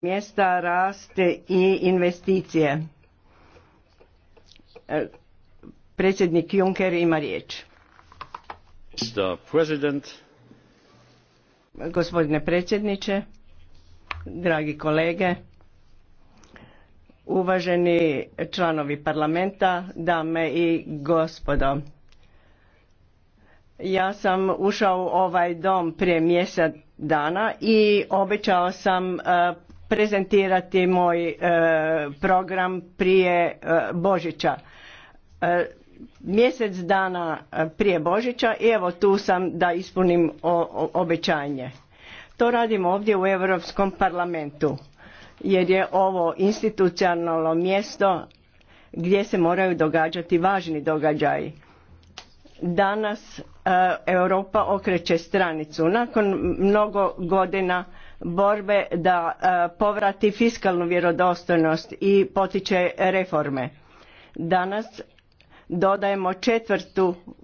mjesta, raste i investicije. E, predsjednik Juncker ima riječ. Gospodine predsjedniče, dragi kolege, uvaženi članovi parlamenta, dame i gospodo. Ja sam ušao u ovaj dom prije mjesec dana i obećao sam e, prezentirati moj e, program prije e, Božića. E, mjesec dana prije Božića i evo tu sam da ispunim obećanje. To radim ovdje u Europskom parlamentu jer je ovo institucionalno mjesto gdje se moraju događati važni događaji. Danas Europa okreće stranicu. Nakon mnogo godina borbe da e, povrati fiskalnu vjerodostojnost i potiče reforme. Danas dodajemo četvrtu e,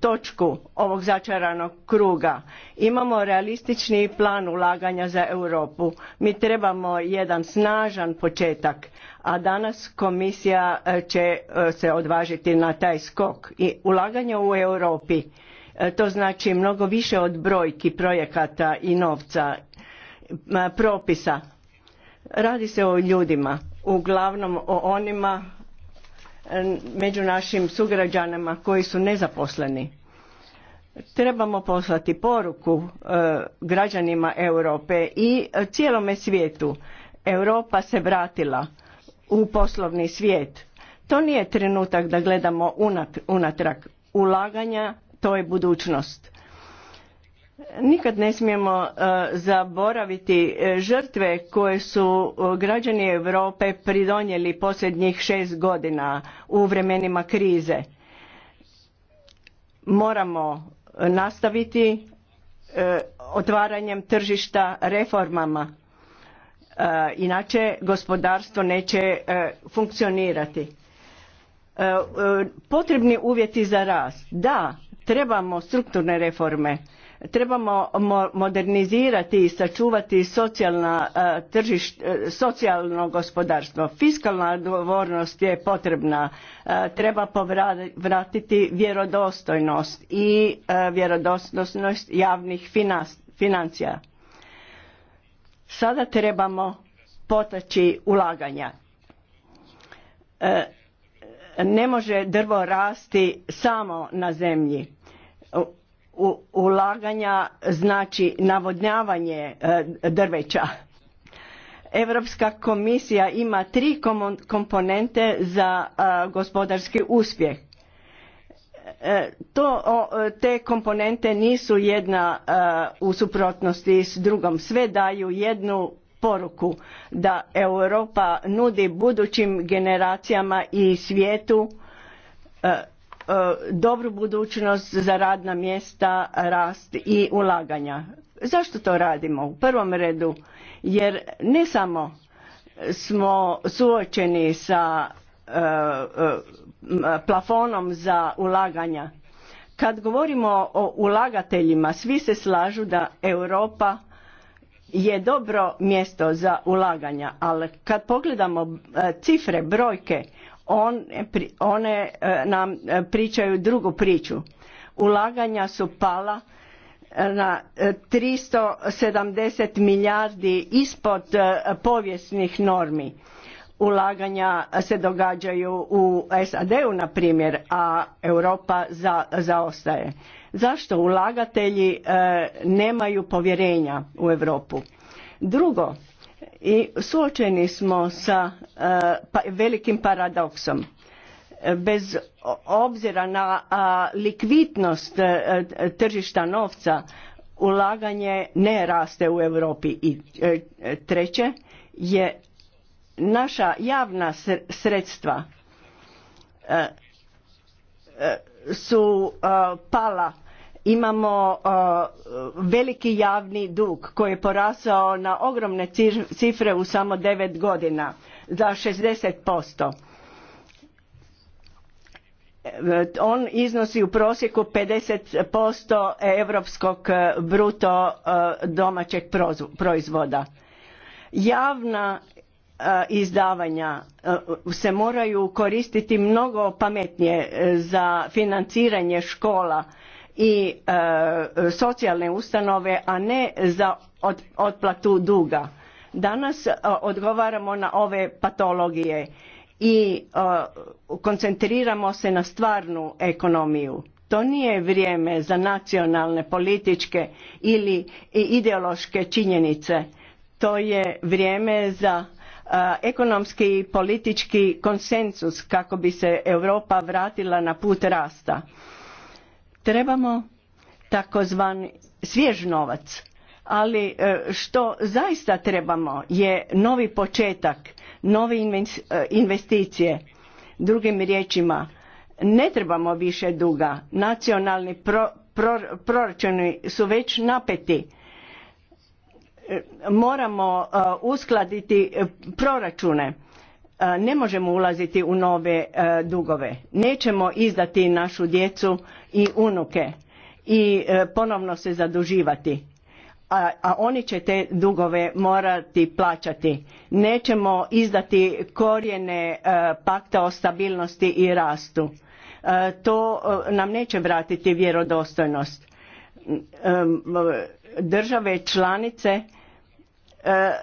točku ovog začaranog kruga. Imamo realistični plan ulaganja za Europu. Mi trebamo jedan snažan početak, a danas komisija e, će se odvažiti na taj skok i ulaganje u Europi E, to znači mnogo više od brojki projekata i novca, e, propisa. Radi se o ljudima, uglavnom o onima e, među našim sugrađanima koji su nezaposleni. Trebamo poslati poruku građanima Europe i cijelome svijetu. Europa se vratila u poslovni svijet. To nije trenutak da gledamo unatrag. Ulaganja to je budućnost. Nikad ne smijemo e, zaboraviti e, žrtve koje su e, građani Europe pridonijeli posljednjih šest godina u vremenima krize. Moramo nastaviti otvaranjem tržišta reformama. Inače gospodarstvo neće funkcionirati. Potrebni uvjeti za rast. Da, Trebamo strukturne reforme, trebamo modernizirati i sačuvati socijalna e, e, socijalno gospodarstvo. Fiskalna odgovornost je potrebna, e, treba povratiti vjerodostojnost i vjerodostojnost javnih financija. Sada trebamo potaći ulaganja. Ne može drvo rasti samo na zemlji ulaganja znači navodnjavanje e, drveća. Europska komisija ima tri komponente za e, gospodarski uspjeh. E, to, te komponente nisu jedna u suprotnosti s drugom. Sve daju jednu poruku da Europa nudi budućim generacijama i svijetu E, dobru budućnost za radna mjesta, rast i ulaganja. Zašto to radimo? U prvom redu jer ne samo smo suočeni sa e, e, plafonom za ulaganja. Kad govorimo o ulagateljima, svi se slažu da Europa je dobro mjesto za ulaganja, ali kad pogledamo cifre, brojke, one e, nam e, pričaju drugu priču. Ulaganja su pala e, na 370 milijardi ispod povijesnih normi. Ulaganja se događaju u SAD-u, na primjer, a Europa za, zaostaje. Zašto ulagatelji nemaju povjerenja u Europu? Drugo, i suočeni smo sa e, pa, velikim paradoksom e, bez obzira na likvidnost e, tržišta novca ulaganje ne raste u Europi i treće je naša javna sredstva su pala imamo veliki javni dug koji je porasao na ogromne cifre u samo devet godina za 60%. E, on iznosi u prosjeku 50% europskog e, bruto e, domaćeg proizvoda. Javna izdavanja se moraju koristiti mnogo pametnije za financiranje škola i e, socijalne ustanove, a ne za otplatu duga. Danas e, odgovaramo na ove patologije i e, koncentriramo se na stvarnu ekonomiju. To nije vrijeme za nacionalne političke ili ideološke činjenice. To je vrijeme za ekonomski i politički konsenzus kako bi se Europa vratila na put rasta. Trebamo takozvani svjež novac, ali e, što zaista trebamo je novi početak, nove e, investicije. Drugim riječima, ne trebamo više duga. Nacionalni proračuni su već napeti. E, moramo uskladiti proračune. Ne možemo ulaziti u nove dugove. Nećemo izdati našu djecu i unuke i e, ponovno se zaduživati. A, a oni će te dugove morati plaćati. Nećemo izdati korijene e, pakta o stabilnosti i rastu. E, to nam neće vratiti vjerodostojnost. Države članice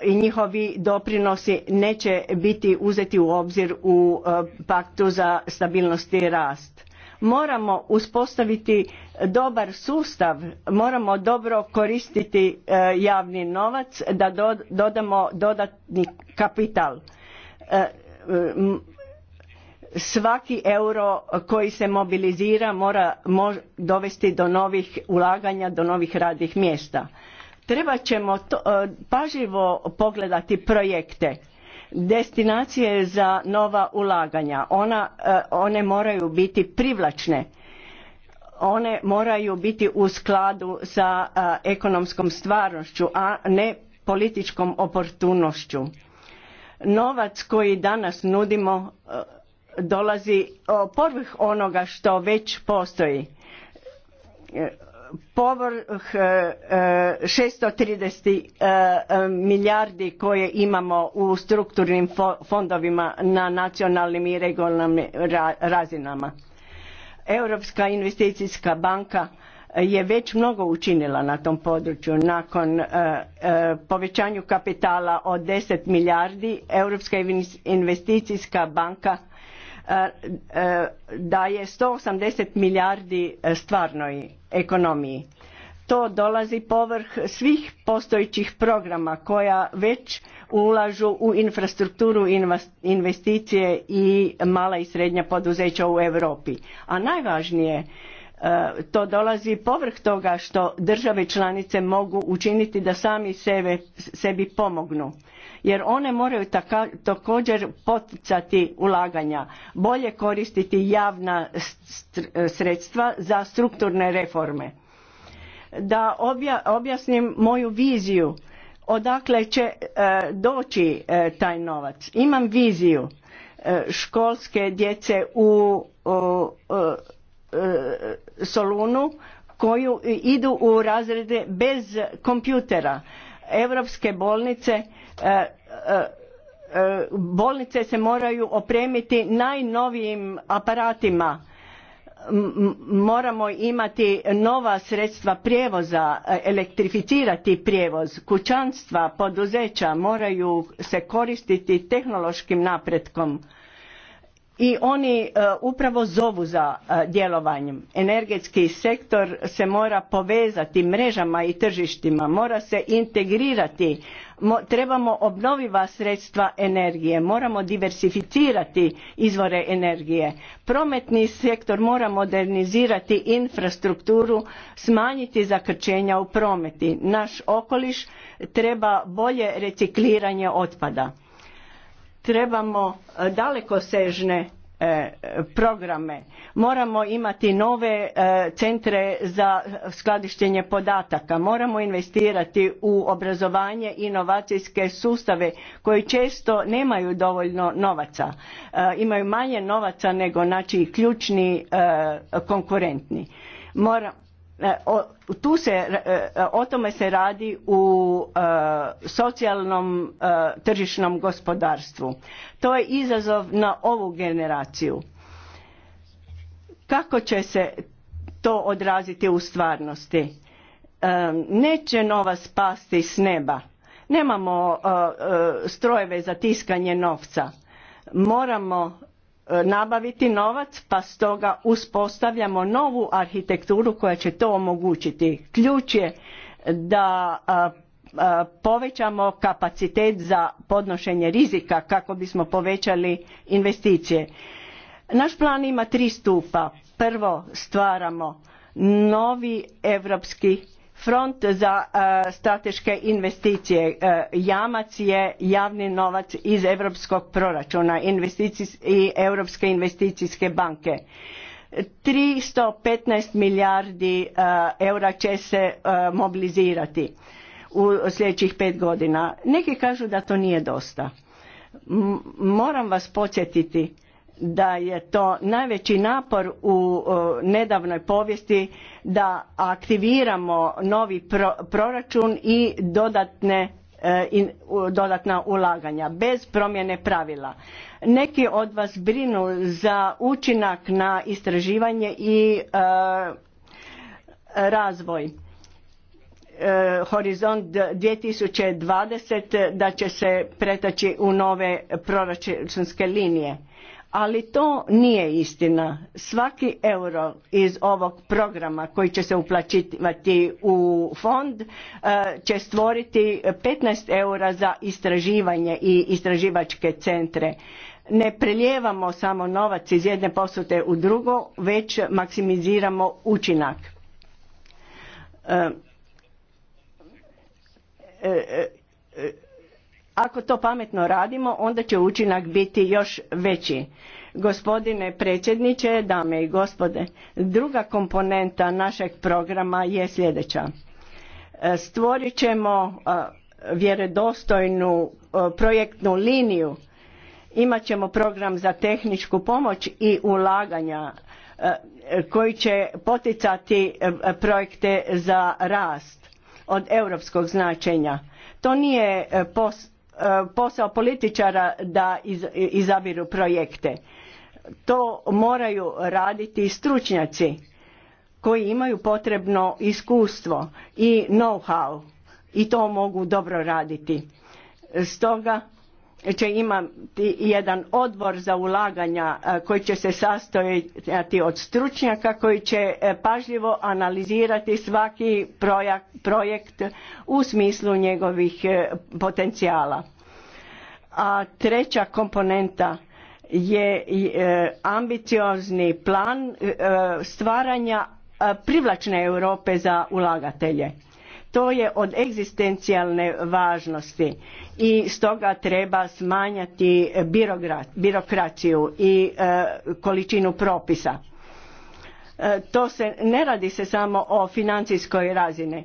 i njihovi doprinosi neće biti uzeti u obzir u paktu za stabilnost i rast moramo uspostaviti dobar sustav moramo dobro koristiti e, javni novac da dodamo dodatni kapital e, svaki euro koji se mobilizira mora dovesti do novih ulaganja do novih radnih mjesta trebat ćemo e, pažljivo pogledati projekte destinacije za nova ulaganja. E, one moraju biti privlačne, one moraju biti u skladu sa e, ekonomskom stvarnošću, a ne političkom oportunošću. Novac koji danas nudimo e, dolazi povrh onoga što već postoji povrh 630 eh, eh, milijardi koje imamo u strukturnim fondovima na nacionalnim i regionalnim razinama. Europska investicijska banka je već mnogo učinila na tom području. Nakon eh, povećanju kapitala od 10 milijardi Europska investicijska banka daje 180 milijardi stvarnoj ekonomiji. To dolazi povrh svih postojećih programa koja već ulažu u infrastrukturu investicije i mala i srednja poduzeća u Europi. A najvažnije e, to dolazi povrh toga što države članice mogu učiniti da sami sebi pomognu jer one moraju također poticati ulaganja, bolje koristiti javna sredstva za strukturne reforme. Da objasnim moju viziju odakle će e, doći e, taj novac. Imam viziju e, školske djece u Solunu koju idu u razrede bez kompjutera. Europske bolnice E, e, bolnice se moraju opremiti najnovijim aparatima moramo imati nova sredstva prijevoza elektrificirati prijevoz kućanstva poduzeća moraju se koristiti tehnološkim napretkom i oni e, upravo zovu za djelovanjem energetski sektor se mora povezati mrežama i tržištima mora se integrirati trebamo obnoviva sredstva energije, moramo diversificirati izvore energije. Prometni sektor mora modernizirati infrastrukturu, smanjiti zakrčenja u prometi. Naš okoliš treba bolje recikliranje otpada. Trebamo e, dalekosežne E, programe moramo imati nove e, centre za skladištenje podataka moramo investirati u obrazovanje i inovacijske sustave koji često nemaju dovoljno novaca e, imaju manje novaca nego znači ključni konkurentni Moramo E, tu se, e, o tome se radi u e, socijalnom tržišnom gospodarstvu. To je izazov na ovu generaciju. Kako će se to odraziti u stvarnosti? Neće novac pasti s neba. Nemamo strojeve za tiskanje novca. Moramo nabaviti novac pa stoga uspostavljamo novu arhitekturu koja će to omogućiti. Ključ je da povećamo kapacitet za podnošenje rizika kako bismo povećali investicije. Naš plan ima tri stupa. Prvo stvaramo novi europski Front za e, strateške investicije e, jamac je javni novac iz europskog proračuna i Europske investicijske banke. 315 milijardi e, eura će se mobilizirati u sljedećih pet godina. Neki kažu da to nije dosta. Moram vas podsjetiti da je to najveći napor u nedavnoj povijesti da aktiviramo novi proračun i dodatne e, dodatna ulaganja bez promjene pravila. Neki od vas brinu za učinak na istraživanje i e, razvoj. E, horizont 2020 da će se pretaći u nove proračunske linije ali to nije istina. Svaki euro iz ovog programa koji će se uplaćivati u fond eh, će stvoriti 15 eura za istraživanje i istraživačke centre. Ne prelijevamo samo novac iz jedne posute u drugo, već maksimiziramo učinak. Eh, eh, ako to pametno radimo, onda će učinak biti još veći. Gospodine predsjedniče, dame i gospode, druga komponenta našeg programa je sljedeća. E, stvorit ćemo e, vjerodostojnu e, projektnu liniju, imat ćemo program za tehničku pomoć i ulaganja koji će poticati projekte za rast od europskog značenja. To nije post posao političara da izabiru projekte. To moraju raditi stručnjaci koji imaju potrebno iskustvo i know-how i to mogu dobro raditi. Stoga će imati jedan odbor za ulaganja e, koji će se sastojati od stručnjaka koji će e, pažljivo analizirati svaki projekt u smislu njegovih e, potencijala. A treća komponenta je ambiciozni plan stvaranja privlačne Europe za ulagatelje to je od egzistencijalne važnosti i stoga treba smanjati birokraciju i e, količinu propisa e, to se ne radi se samo o financijskoj razini e,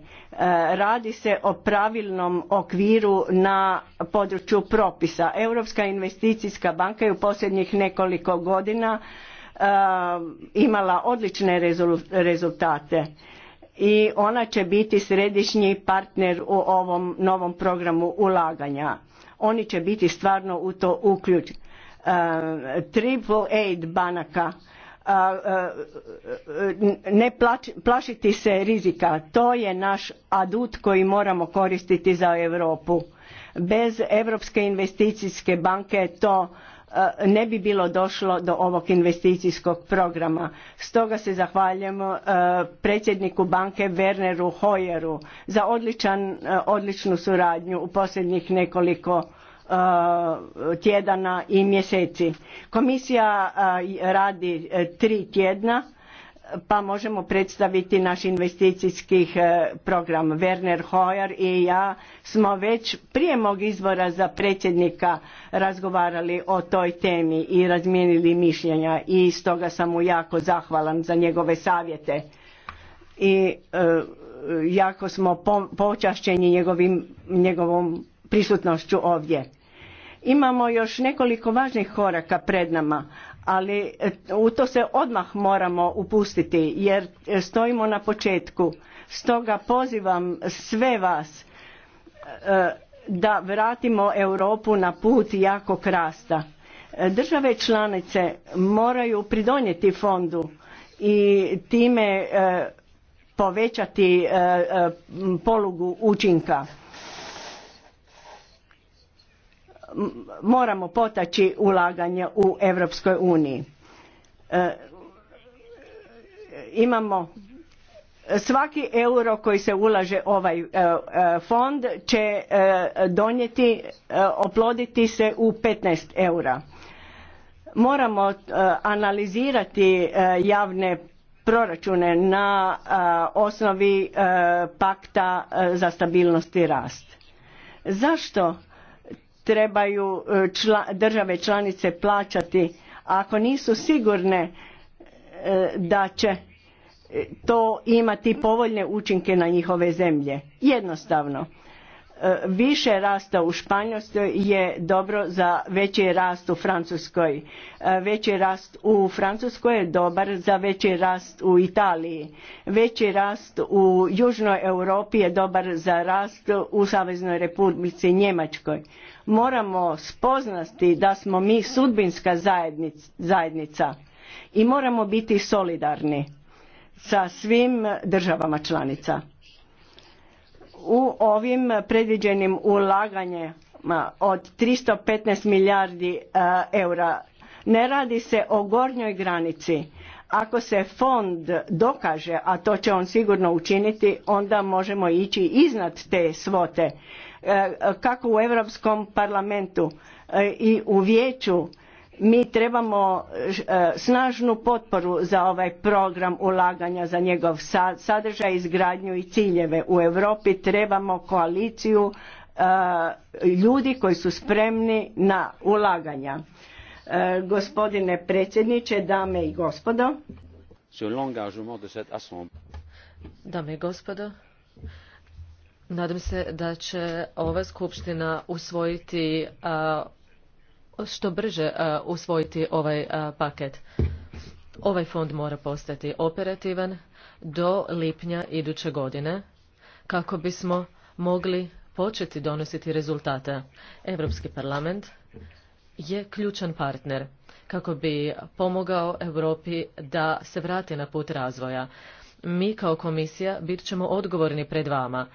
radi se o pravilnom okviru na području propisa europska investicijska banka je u posljednjih nekoliko godina imala odlične rezultate i ona će biti središnji partner u ovom novom programu ulaganja. Oni će biti stvarno u to uključeni. E, triple aid banaka e, e, ne plašiti se rizika. To je naš adut koji moramo koristiti za Europu. Bez Europske investicijske banke to E, ne bi bilo došlo do ovog investicijskog programa. Stoga se zahvaljujemo e, predsjedniku banke Werneru Hoyeru za odličan, e, odličnu suradnju u posljednjih nekoliko tjedana i mjeseci. Komisija radi tri tjedna pa možemo predstaviti naš investicijski eh, program. Werner Hoyer i ja smo već prije mog izbora za predsjednika razgovarali o toj temi i razmijenili mišljenja i stoga sam mu jako zahvalan za njegove savjete i eh, jako smo počašćeni njegovom prisutnošću ovdje. Imamo još nekoliko važnih koraka pred nama ali e, u to se odmah moramo upustiti jer e, stojimo na početku. Stoga pozivam sve vas e, da vratimo Europu na put jako rasta. Države članice moraju pridonijeti fondu i time povećati polugu učinka moramo potaći ulaganje u Europskoj uniji. E, imamo svaki euro koji se ulaže ovaj e, e, fond će donijeti, oploditi se u 15 eura. Moramo analizirati javne proračune na osnovi pakta za stabilnost i rast. Zašto trebaju e, države članice plaćati ako nisu sigurne e, da će e, to imati povoljne učinke na njihove zemlje. Jednostavno, više rasta u Španjolskoj je dobro za veći rast u Francuskoj. Veći rast u Francuskoj je dobar za veći rast u Italiji. Veći rast u Južnoj Europi je dobar za rast u Saveznoj Republici Njemačkoj moramo spoznati da smo mi sudbinska zajednica i moramo biti solidarni sa svim državama članica u ovim predviđenim ulaganjima od 315 milijardi e, eura ne radi se o gornjoj granici ako se fond dokaže a to će on sigurno učiniti onda možemo ići iznad te svote Eh, kako u Europskom parlamentu eh, i u vijeću mi trebamo eh, snažnu potporu za ovaj program ulaganja za njegov sadržaj, izgradnju i ciljeve. U Europi trebamo koaliciju ljudi koji su spremni na ulaganja. Gospodine predsjedniče, dame i gospodo. Dame i gospodo, Nadam se da će ova skupština usvojiti što brže usvojiti ovaj paket. Ovaj fond mora postati operativan do lipnja iduće godine kako bismo mogli početi donositi rezultate. Europski parlament je ključan partner kako bi pomogao Europi da se vrati na put razvoja. Mi kao komisija bit ćemo odgovorni pred vama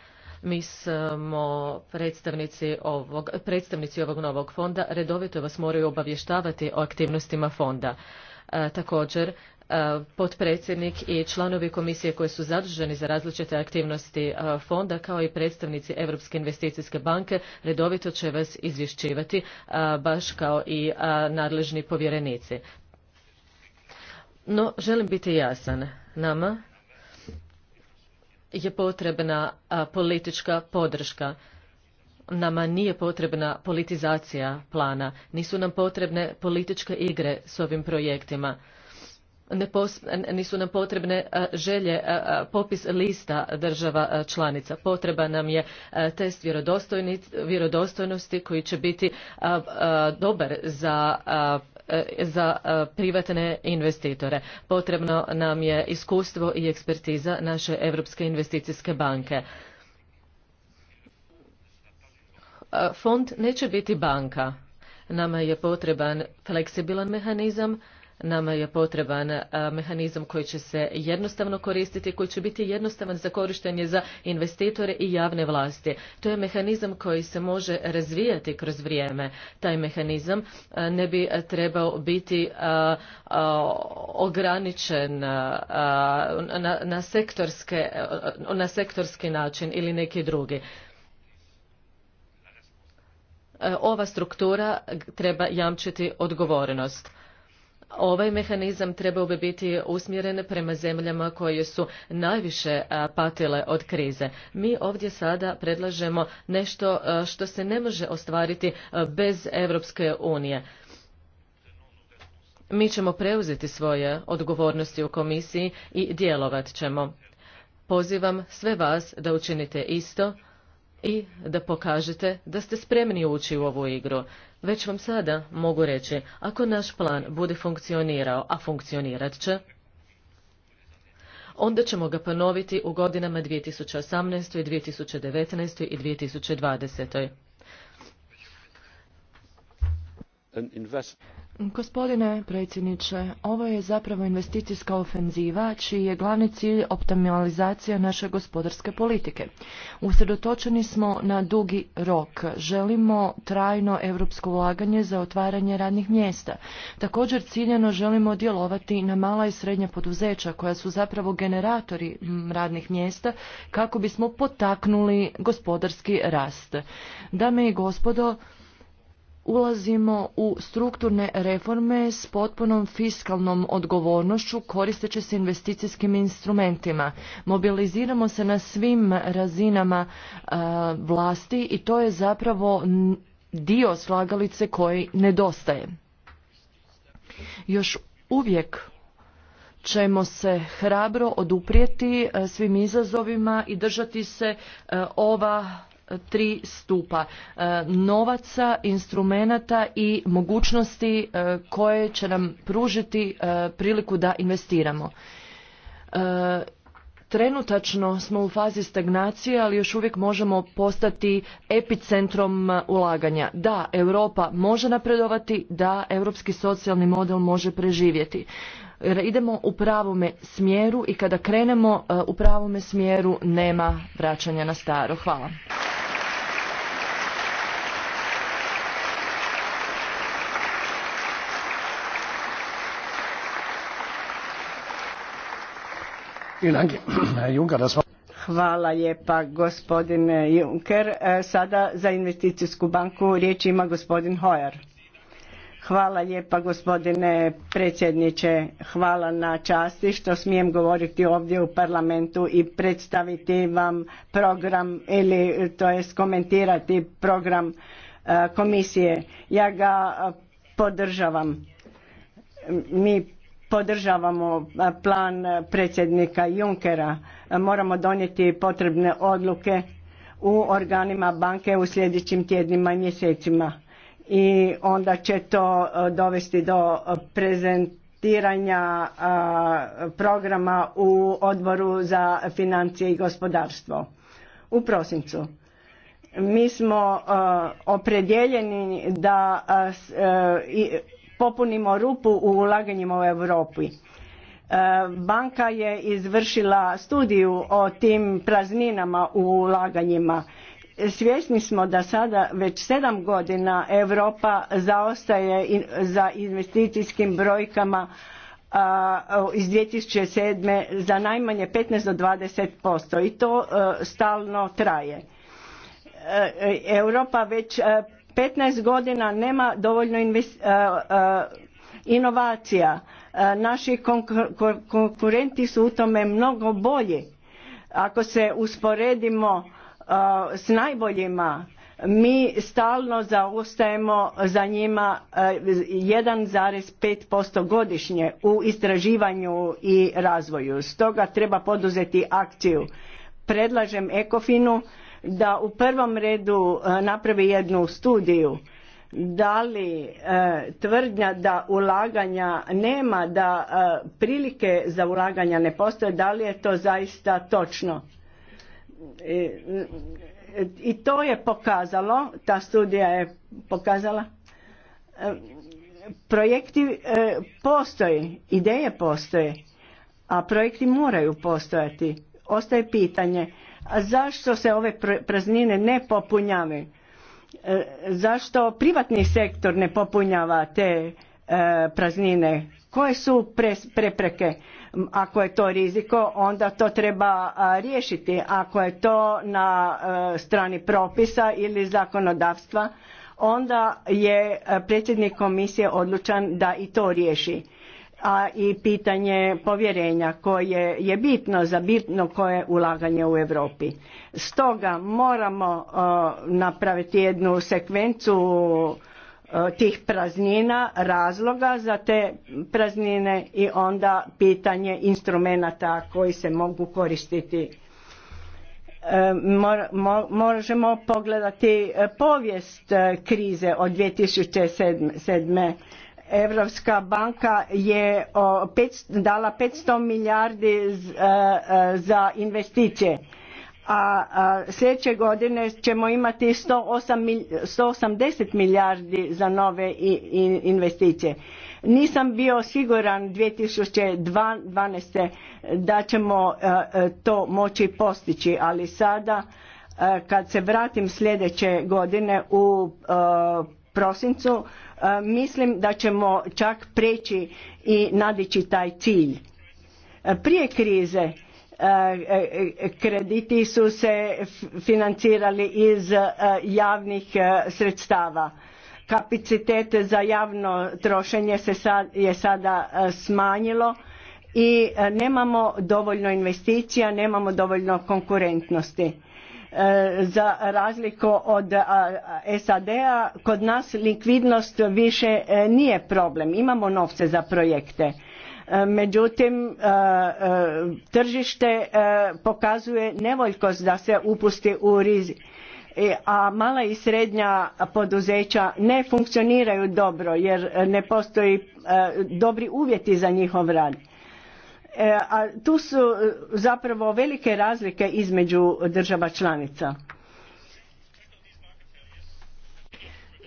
mi smo predstavnici ovog, predstavnici ovog novog fonda, redovito vas moraju obavještavati o aktivnostima fonda. E, također, e, potpredsjednik i članovi komisije koji su zaduženi za različite aktivnosti e, fonda kao i predstavnici Europske investicijske banke redovito će vas izvješćivati baš kao i nadležni povjerenici. No, želim biti jasan. Nama je potrebna politička podrška. Nama nije potrebna politizacija plana, nisu nam potrebne političke igre s ovim projektima. nisu nam potrebne želje popis lista država članica. Potreba nam je test vjerodostojnosti koji će biti dobar za E, za e, privatne investitore. Potrebno nam je iskustvo i ekspertiza naše Europske investicijske banke. E, fond neće biti banka. Nama je potreban fleksibilan mehanizam Nama je potreban mehanizam koji će se jednostavno koristiti, koji će biti jednostavan za korištenje za investitore i javne vlasti. To je mehanizam koji se može razvijati kroz vrijeme. Taj mehanizam ne bi trebao biti ograničen na, sektorske, na sektorski način ili neki drugi e, ova struktura treba jamčiti odgovornost Ovaj mehanizam trebao bi biti usmjeren prema zemljama koje su najviše patile od krize. Mi ovdje sada predlažemo nešto što se ne može ostvariti bez Europske unije. Mi ćemo preuzeti svoje odgovornosti u komisiji i djelovat ćemo. Pozivam sve vas da učinite isto i da pokažete da ste spremni ući u ovu igru. Već vam sada mogu reći, ako naš plan bude funkcionirao, a funkcionirat će, onda ćemo ga ponoviti u godinama 2018. i 2019. i 2020. Gospodine predsjedniče, ovo je zapravo investicijska ofenziva čiji je glavni cilj optimalizacija naše gospodarske politike. Usredotočeni smo na dugi rok. Želimo trajno europsko ulaganje za otvaranje radnih mjesta. Također ciljeno želimo djelovati na mala i srednja poduzeća koja su zapravo generatori radnih mjesta kako bismo potaknuli gospodarski rast. Dame i gospodo, ulazimo u strukturne reforme s potpunom fiskalnom odgovornošću koristeći se investicijskim instrumentima. Mobiliziramo se na svim razinama e, vlasti i to je zapravo dio slagalice koji nedostaje. Još uvijek ćemo se hrabro oduprijeti e, svim izazovima i držati se e, ova tri stupa e, novaca, instrumenata i mogućnosti e, koje će nam pružiti e, priliku da investiramo. Trenutačno smo u fazi stagnacije, ali još uvijek možemo postati epicentrom ulaganja. Da, Europa može napredovati, da, europski socijalni model može preživjeti idemo u pravome smjeru i kada krenemo u pravome smjeru nema vraćanja na staro. Hvala. Hvala lijepa gospodine Juncker. E, sada za investicijsku banku riječ ima gospodin Hoyer. Hvala lijepa gospodine predsjedniče. Hvala na časti što smijem govoriti ovdje u parlamentu i predstaviti vam program ili to jest komentirati program e, komisije. Ja ga podržavam. Mi podržavamo plan predsjednika Junckera. Moramo donijeti potrebne odluke u organima banke u sljedećim tjednima i mjesecima. I onda će to dovesti do prezentiranja programa u odboru za financije i gospodarstvo u prosincu. Mi smo opredjeljeni da e, popunimo rupu u ulaganjima u Europi. E, banka je izvršila studiju o tim prazninama u ulaganjima. Svjesni smo da sada već sedam godina Europa zaostaje za investicijskim brojkama iz 2007. za najmanje 15 do 20% i to e, stalno traje. E, Europa već 15 godina nema dovoljno e, e, inovacija. E, naši konkurenti su u tome mnogo bolji. Ako se usporedimo s najboljima, mi stalno zaostajemo za njima 1,5% godišnje u istraživanju i razvoju. Stoga treba poduzeti akciju. Predlažem Ekofinu da u prvom redu e, napravi jednu studiju da li e, tvrdnja da ulaganja nema, da e, prilike za ulaganja ne postoje, da li je to zaista točno. I to je pokazalo, ta studija je pokazala, projekti postoje, ideje postoje, a projekti moraju postojati. Ostaje pitanje zašto se ove praznine ne popunjavaju e, zašto privatni sektor ne popunjava te e, praznine koje su prepreke ako je to riziko onda to treba riješiti ako je to na e, strani propisa ili zakonodavstva onda je predsjednik komisije odlučan da i to riješi a i pitanje povjerenja koje je bitno za bitno koje ulaganje u Europi. Stoga moramo uh, napraviti jednu sekvencu uh, tih praznina, razloga za te praznine i onda pitanje instrumenata koji se mogu koristiti. Uh, možemo pogledati povijest krize od 2007. Europska banka je dala 500 milijardi e, e, za investicije, a sljedeće godine ćemo imati 180 milijardi za nove investicije. Nisam bio siguran 2012. da ćemo e, to moći postići, ali sada kad se vratim sljedeće godine u prosincu e, mislim da ćemo čak preći i nadići taj cilj. E, prije krize e, krediti su se financirali iz javnih sredstava. Kapacitet za javno trošenje se sad, je sada smanjilo i nemamo dovoljno investicija, nemamo dovoljno konkurentnosti E, za razliku od SAD-a kod nas likvidnost više e, nije problem imamo novce za projekte e, međutim tržište pokazuje nevoljkost da se upusti u rizik a mala i srednja poduzeća ne funkcioniraju dobro jer ne postoji dobri uvjeti za njihov rad E, a tu su e, zapravo velike razlike između država članica.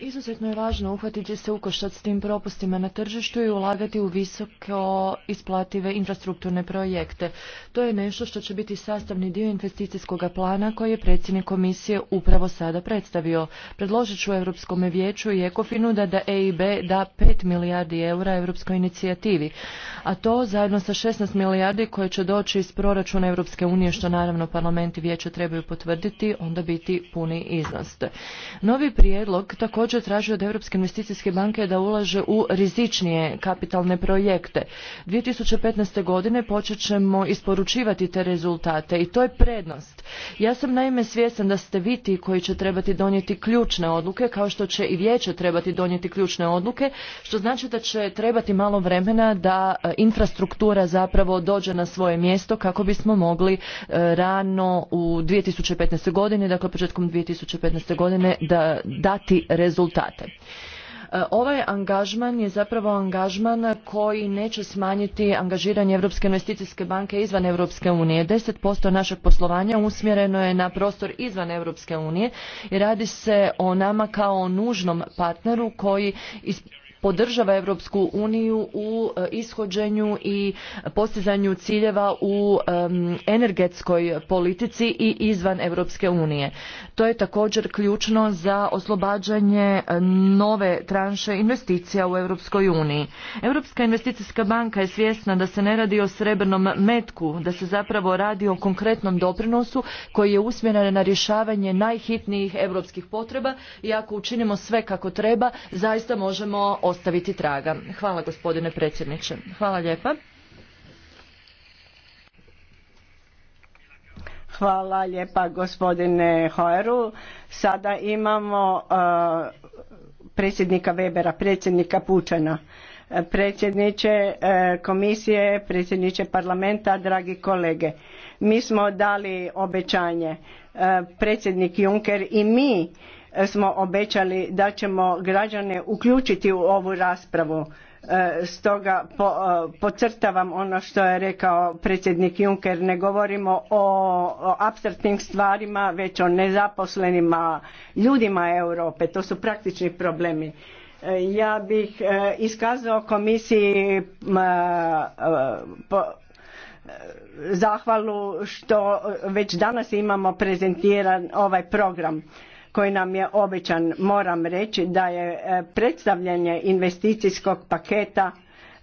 Izuzetno je važno uhvatiti se ukoštac s tim propustima na tržištu i ulagati u visoko isplative infrastrukturne projekte. To je nešto što će biti sastavni dio investicijskog plana koji je predsjednik komisije upravo sada predstavio. Predložit ću Europskom vijeću i Ekofinu da, da EIB da 5 milijardi eura Europskoj inicijativi, a to zajedno sa 16 milijardi koje će doći iz proračuna Europske unije što naravno parlament i vijeće trebaju potvrditi, onda biti puni iznos. Novi prijedlog također također traži od Europske investicijske banke da ulaže u rizičnije kapitalne projekte. 2015. godine počet ćemo isporučivati te rezultate i to je prednost. Ja sam naime svjesan da ste vi ti koji će trebati donijeti ključne odluke, kao što će i vijeće trebati donijeti ključne odluke, što znači da će trebati malo vremena da e, infrastruktura zapravo dođe na svoje mjesto kako bismo mogli e, rano u 2015. godini, dakle početkom 2015. godine da dati rezultate rezultate. E, ovaj angažman je zapravo angažman koji neće smanjiti angažiranje Europske investicijske banke izvan Europske unije. 10% našeg poslovanja usmjereno je na prostor izvan Europske unije i radi se o nama kao o nužnom partneru koji podržava Europsku uniju u e, ishođenju i postizanju ciljeva u energetskoj politici i izvan Europske unije. To je također ključno za oslobađanje e, nove tranše investicija u Europskoj uniji. Europska investicijska banka je svjesna da se ne radi o srebrnom metku, da se zapravo radi o konkretnom doprinosu koji je usmjeren na rješavanje najhitnijih europskih potreba i ako učinimo sve kako treba, zaista možemo ostaviti traga. Hvala gospodine predsjedniče. Hvala lijepa. Hvala lijepa gospodine Hoeru. Sada imamo e, predsjednika Webera, predsjednika Pučana. E, predsjedniče e, komisije, predsjedniče parlamenta, dragi kolege. Mi smo dali obećanje, predsjednik Juncker i mi smo obećali da ćemo građane uključiti u ovu raspravu. E, stoga e, podcrtavam ono što je rekao predsjednik Juncker, ne govorimo o apstraktnim stvarima, već o nezaposlenima ljudima Europe, to su praktični problemi. E, ja bih iskazao komisiji zahvalu što već danas imamo prezentiran ovaj program koji nam je obećan, Moram reći da je e, predstavljanje investicijskog paketa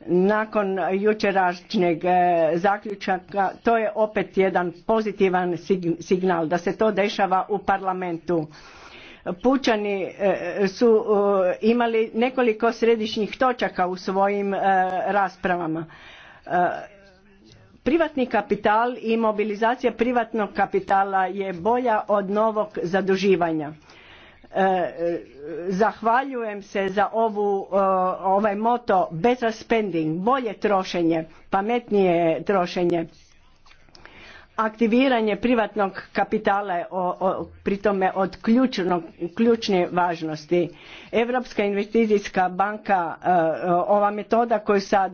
nakon jučerašnjeg e, zaključaka to je opet jedan pozitivan signal da se to dešava u parlamentu. Pučani e, su imali nekoliko središnjih točaka u svojim raspravama Privatni kapital i mobilizacija privatnog kapitala je bolja od novog zaduživanja. E, e, zahvaljujem se za ovu, ovaj moto better spending, bolje trošenje, pametnije trošenje aktiviranje privatnog kapitala je pri tome od ključne važnosti. Europska investicijska banka, e, ova metoda koju sad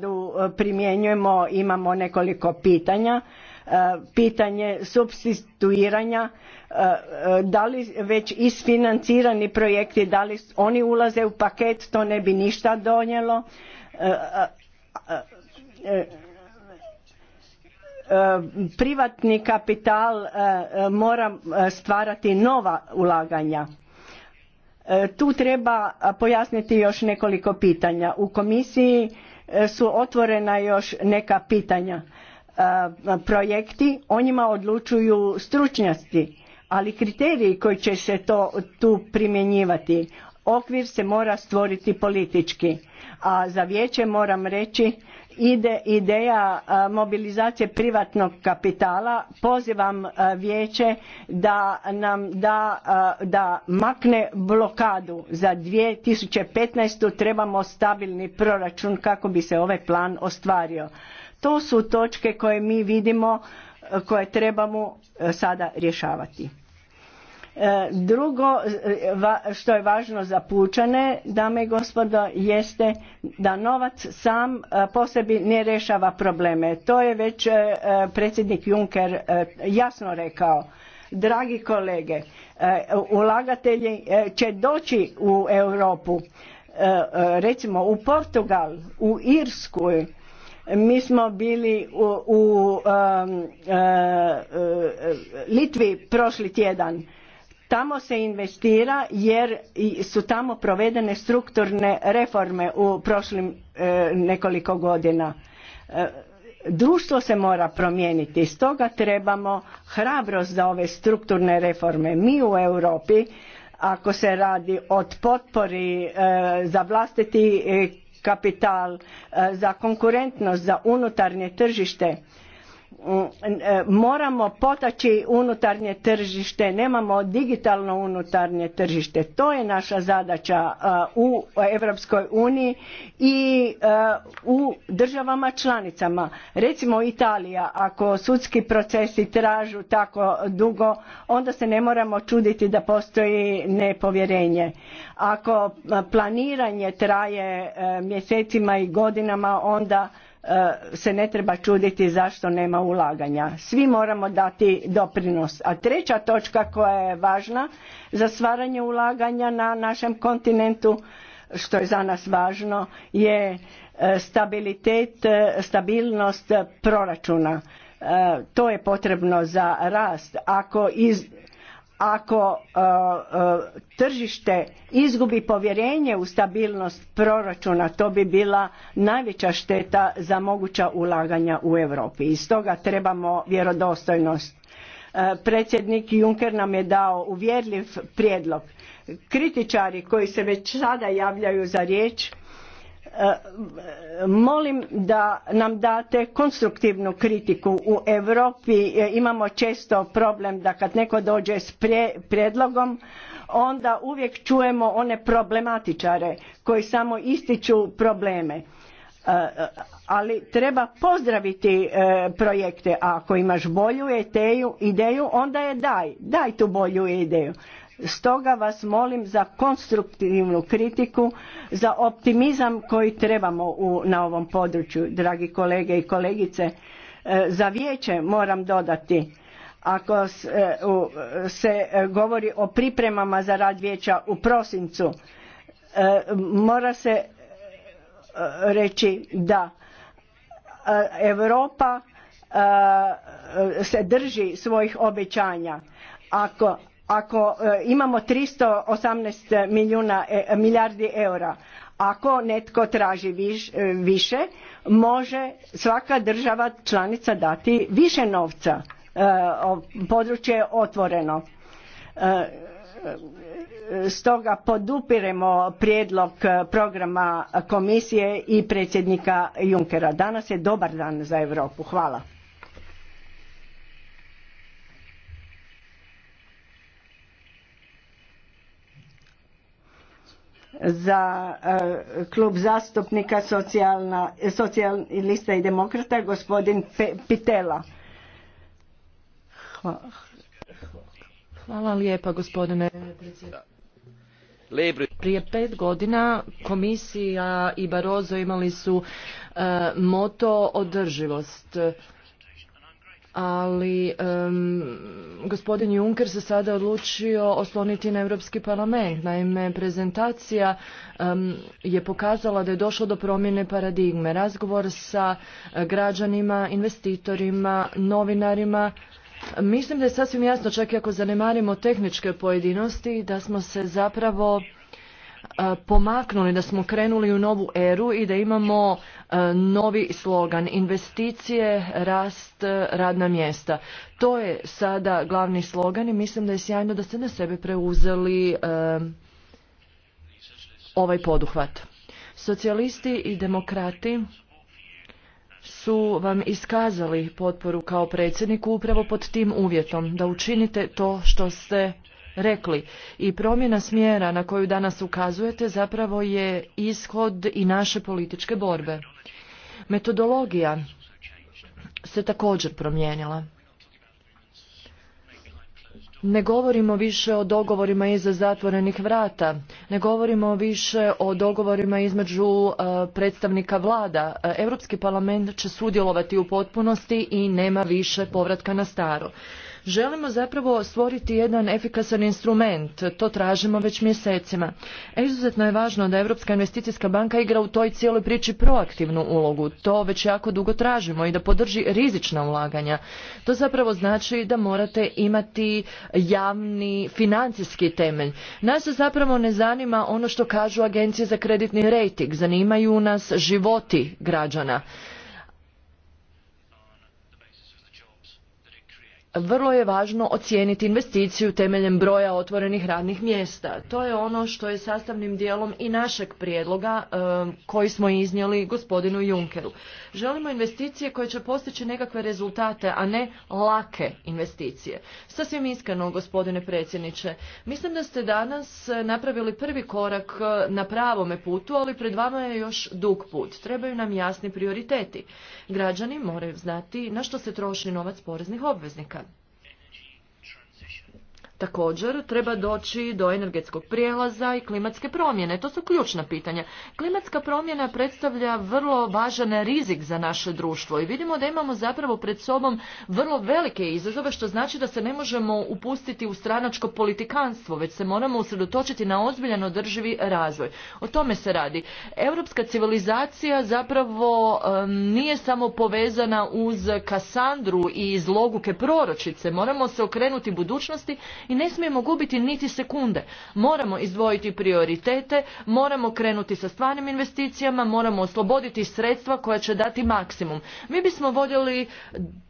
primjenjujemo, imamo nekoliko pitanja. E, pitanje substituiranja, e, da li već isfinancirani projekti, da li oni ulaze u paket, to ne bi ništa donijelo Eh, privatni kapital eh, eh, mora stvarati nova ulaganja. Tu treba pojasniti još nekoliko pitanja. U komisiji su otvorena još neka pitanja. Projekti, o njima odlučuju stručnjaci, ali kriteriji koji će se to tu primjenjivati. Okvir se mora stvoriti politički. A za vijeće moram reći ide ideja mobilizacije privatnog kapitala pozivam vijeće da nam da, da makne blokadu za 2015. trebamo stabilni proračun kako bi se ovaj plan ostvario to su točke koje mi vidimo koje trebamo sada rješavati E, drugo e, što je važno za pučane, dame i gospodo, jeste da novac sam e, po sebi ne rješava probleme. To je već predsjednik Juncker jasno rekao. Dragi kolege, ulagatelji će doći u Europu, recimo u Portugal, u Irsku, mi smo bili u, um, Litvi prošli tjedan Tamo se investira jer su tamo provedene strukturne reforme u prošlim e, nekoliko godina. E, društvo se mora promijeniti, stoga trebamo hrabrost za ove strukturne reforme. Mi u Europi, ako se radi od potpori e, za vlastiti kapital, za konkurentnost, za unutarnje tržište, E, moramo potaći unutarnje tržište, nemamo digitalno unutarnje tržište. To je naša zadaća u Europskoj uniji i e, u državama članicama. Recimo Italija, ako sudski procesi tražu tako dugo, onda se ne moramo čuditi da postoji nepovjerenje. Ako planiranje traje e, mjesecima i godinama, onda E, se ne treba čuditi zašto nema ulaganja. Svi moramo dati doprinos. A treća točka koja je važna za stvaranje ulaganja na našem kontinentu, što je za nas važno, je e, stabilitet, e, stabilnost proračuna. To je potrebno za rast. Ako iz ako uh, uh, tržište izgubi povjerenje u stabilnost proračuna to bi bila najveća šteta za moguća ulaganja u Europi i stoga trebamo vjerodostojnost uh, predsjednik Juncker nam je dao uvjerljiv prijedlog kritičari koji se već sada javljaju za riječ molim da nam date konstruktivnu kritiku u Europi e, imamo često problem da kad neko dođe s prijedlogom onda uvijek čujemo one problematičare koji samo ističu probleme e, ali treba pozdraviti e, projekte a ako imaš bolju ideju onda je daj daj tu bolju ideju Stoga vas molim za konstruktivnu kritiku, za optimizam koji trebamo u, na ovom području, dragi kolege i kolegice. E, za vijeće moram dodati, ako e, se, govori o pripremama za rad vijeća u prosincu, e, mora se reći da Europa se drži svojih obećanja. Ako ako e, imamo 318 milijuna, e, milijardi eura, ako netko traži e, više, može svaka država članica dati više novca. Područje je otvoreno. Stoga podupiremo prijedlog programa komisije i predsjednika Junckera. Danas je dobar dan za Europu. Hvala. za e, klub zastupnika socijalna, lista i demokrata gospodin Pitela. Hvala, lijepa gospodine prije pet godina komisija i Barozo imali su e, moto održivost ali gospodin Juncker se sada odlučio osloniti na Europski parlament. Naime, prezentacija je pokazala da je došlo do promjene paradigme. Razgovor sa e, građanima, investitorima, novinarima, mislim da je sasvim jasno, čak i ako zanemarimo tehničke pojedinosti, da smo se zapravo E, pomaknuli, da smo krenuli u novu eru i da imamo e, novi slogan investicije, rast, e, radna mjesta. To je sada glavni slogan i mislim da je sjajno da ste na sebe preuzeli ovaj poduhvat. Socijalisti i demokrati su vam iskazali potporu kao predsjedniku upravo pod tim uvjetom da učinite to što ste rekli i promjena smjera na koju danas ukazujete zapravo je ishod i naše političke borbe. Metodologija se također promijenila. Ne govorimo više o dogovorima iza zatvorenih vrata, ne govorimo više o dogovorima između e, predstavnika vlada. E, Europski parlament će sudjelovati u potpunosti i nema više povratka na staro. Želimo zapravo stvoriti jedan efikasan instrument, to tražimo već mjesecima. Izuzetno je važno da Europska investicijska banka igra u toj cijeloj priči proaktivnu ulogu, to već jako dugo tražimo i da podrži rizična ulaganja. To zapravo znači da morate imati javni financijski temelj. Nas zapravo ne zanima ono što kažu agencije za kreditni rejting, zanimaju nas životi građana. vrlo je važno ocijeniti investiciju temeljem broja otvorenih radnih mjesta. To je ono što je sastavnim dijelom i našeg prijedloga e, koji smo iznijeli gospodinu Junckeru. Želimo investicije koje će postići nekakve rezultate, a ne lake investicije. Sasvim iskreno, gospodine predsjedniče, mislim da ste danas napravili prvi korak e, na pravome putu, ali pred vama je još dug put. Trebaju nam jasni prioriteti. Građani moraju znati na što se troši novac poreznih obveznika. Također treba doći do energetskog prijelaza i klimatske promjene. To su ključna pitanja. Klimatska promjena predstavlja vrlo važan rizik za naše društvo i vidimo da imamo zapravo pred sobom vrlo velike izazove što znači da se ne možemo upustiti u stranačko politikanstvo, već se moramo usredotočiti na ozbiljan održivi razvoj. O tome se radi. Europska civilizacija zapravo nije samo povezana uz Kasandru i izloguke proročice. Moramo se okrenuti budućnosti i i ne smijemo gubiti niti sekunde. Moramo izdvojiti prioritete, moramo krenuti sa stvarnim investicijama, moramo osloboditi sredstva koja će dati maksimum. Mi bismo voljeli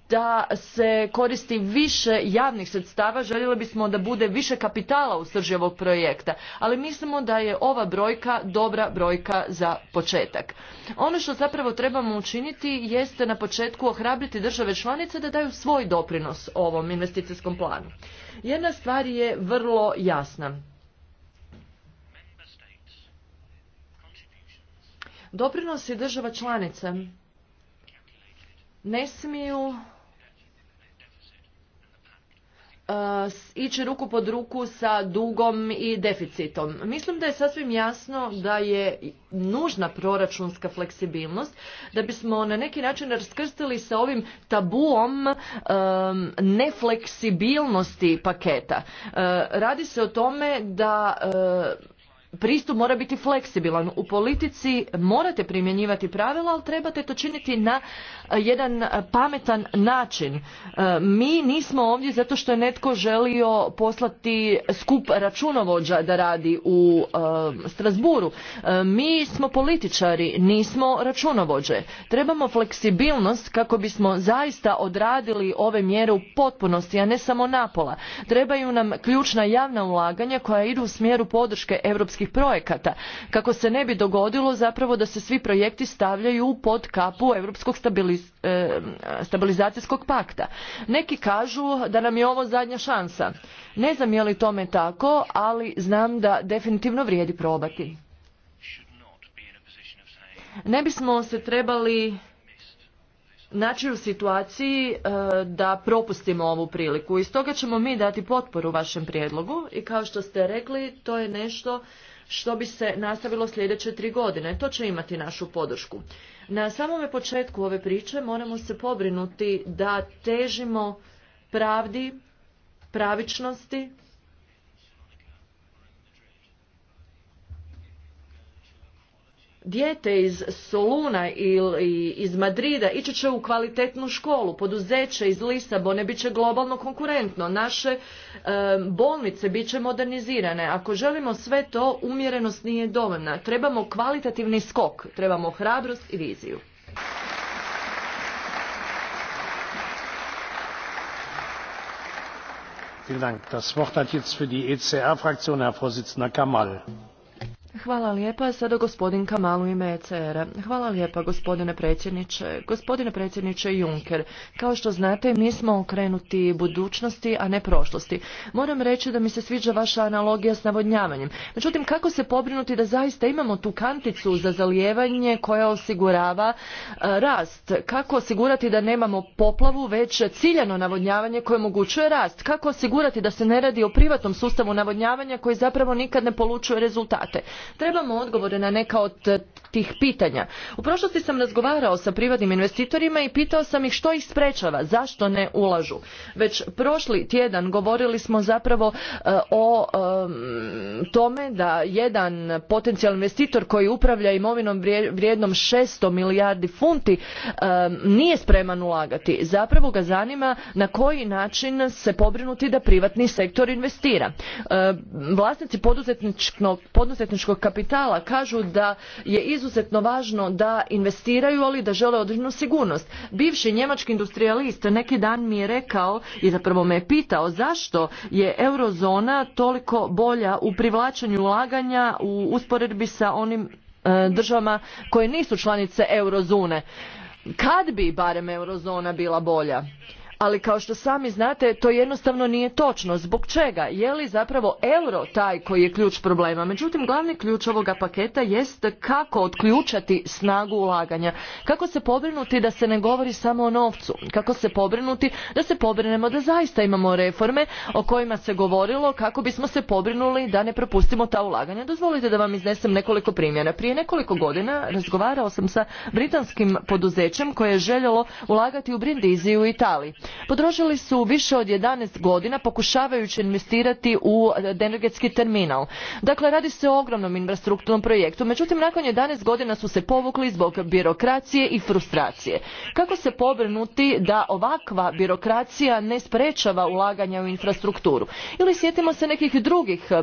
da se koristi više javnih sredstava, željeli bismo da bude više kapitala u srži ovog projekta, ali mislimo da je ova brojka dobra brojka za početak. Ono što zapravo trebamo učiniti jeste na početku ohrabriti države članice da daju svoj doprinos ovom investicijskom planu. Jedna stvar je vrlo jasna. Doprinosi država članica ne smiju ići ruku pod ruku sa dugom i deficitom. Mislim da je sasvim jasno da je nužna proračunska fleksibilnost da bismo na neki način raskrstili sa ovim tabuom nefleksibilnosti paketa. E, radi se o tome da pristup mora biti fleksibilan. U politici morate primjenjivati pravila, ali trebate to činiti na e, jedan pametan način. E, mi nismo ovdje zato što je netko želio poslati skup računovođa da radi u e, Strasburu. Mi smo političari, nismo računovođe. Trebamo fleksibilnost kako bismo zaista odradili ove mjere u potpunosti, a ne samo napola. Trebaju nam ključna javna ulaganja koja idu u smjeru podrške europskih projekata kako se ne bi dogodilo zapravo da se svi projekti stavljaju pod kapu europskog e, stabilizacijskog pakta neki kažu da nam je ovo zadnja šansa ne znam je li tome tako ali znam da definitivno vrijedi probati ne bismo se trebali naći u situaciji e, da propustimo ovu priliku i stoga ćemo mi dati potporu vašem prijedlogu i kao što ste rekli to je nešto što bi se nastavilo sljedeće tri godine. To će imati našu podršku. Na samome početku ove priče moramo se pobrinuti da težimo pravdi, pravičnosti dijete iz Soluna ili iz Madrida ići će u kvalitetnu školu, poduzeće iz Lisabone bit će globalno konkurentno, naše bolnice bit će modernizirane. Ako želimo sve to, umjerenost nije dovoljna. Trebamo kvalitativni skok, trebamo hrabrost i viziju. Vielen Dank. E Kamal. Hvala lijepa. Sada gospodin Kamal u ime ecr Hvala lijepa gospodine predsjedniče. Gospodine predsjedniče Juncker, kao što znate mi smo okrenuti budućnosti, a ne prošlosti. Moram reći da mi se sviđa vaša analogija s navodnjavanjem. Međutim, kako se pobrinuti da zaista imamo tu kanticu za zalijevanje koja osigurava e, rast? Kako osigurati da nemamo poplavu, već ciljano navodnjavanje koje omogućuje rast? Kako osigurati da se ne radi o privatnom sustavu navodnjavanja koji zapravo nikad ne polučuje rezultate? Trebamo odgovore na neka od tih pitanja. U prošlosti sam razgovarao sa privatnim investitorima i pitao sam ih što ih sprečava, zašto ne ulažu. Već prošli tjedan govorili smo zapravo eh, o tome da jedan potencijalni investitor koji upravlja imovinom vrijednom 600 milijardi funti nije spreman ulagati. Zapravo ga zanima na koji način se pobrinuti da privatni sektor investira. Eh, vlasnici poduzetničkog kapitala kažu da je izuzetno važno da investiraju, ali da žele određenu sigurnost. Bivši njemački industrijalist neki dan mi je rekao i zapravo me je pitao zašto je eurozona toliko bolja u privlačenju ulaganja u usporedbi sa onim e, državama koje nisu članice eurozone. Kad bi barem eurozona bila bolja? ali kao što sami znate to jednostavno nije točno. Zbog čega? Je li zapravo euro taj koji je ključ problema? Međutim, glavni ključ ovoga paketa jest kako otključati snagu ulaganja. Kako se pobrinuti da se ne govori samo o novcu? Kako se pobrinuti da se pobrinemo da zaista imamo reforme o kojima se govorilo kako bismo se pobrinuli da ne propustimo ta ulaganja? Dozvolite da vam iznesem nekoliko primjera. Prije nekoliko godina razgovarao sam sa britanskim poduzećem koje je željelo ulagati u Brindiziju u Italiji. Potrošili su više od 11 godina pokušavajući investirati u energetski terminal. Dakle, radi se o ogromnom infrastrukturnom projektu. Međutim, nakon 11 godina su se povukli zbog birokracije i frustracije. Kako se pobrinuti da ovakva birokracija ne sprečava ulaganja u infrastrukturu? Ili sjetimo se nekih drugih e,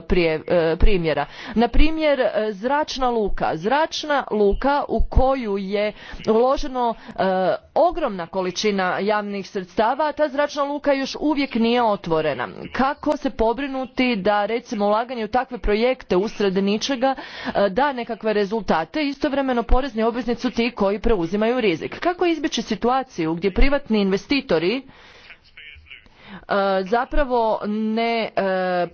primjera. Na primjer, e, zračna luka. Zračna luka u koju je uloženo e, ogromna količina javnih sredstava ta zračna luka još uvijek nije otvorena. Kako se pobrinuti da recimo ulaganje u takve projekte usred ničega e, da nekakve rezultate, istovremeno porezni obveznici su ti koji preuzimaju rizik. Kako izbjeći situaciju gdje privatni investitori E, zapravo ne e,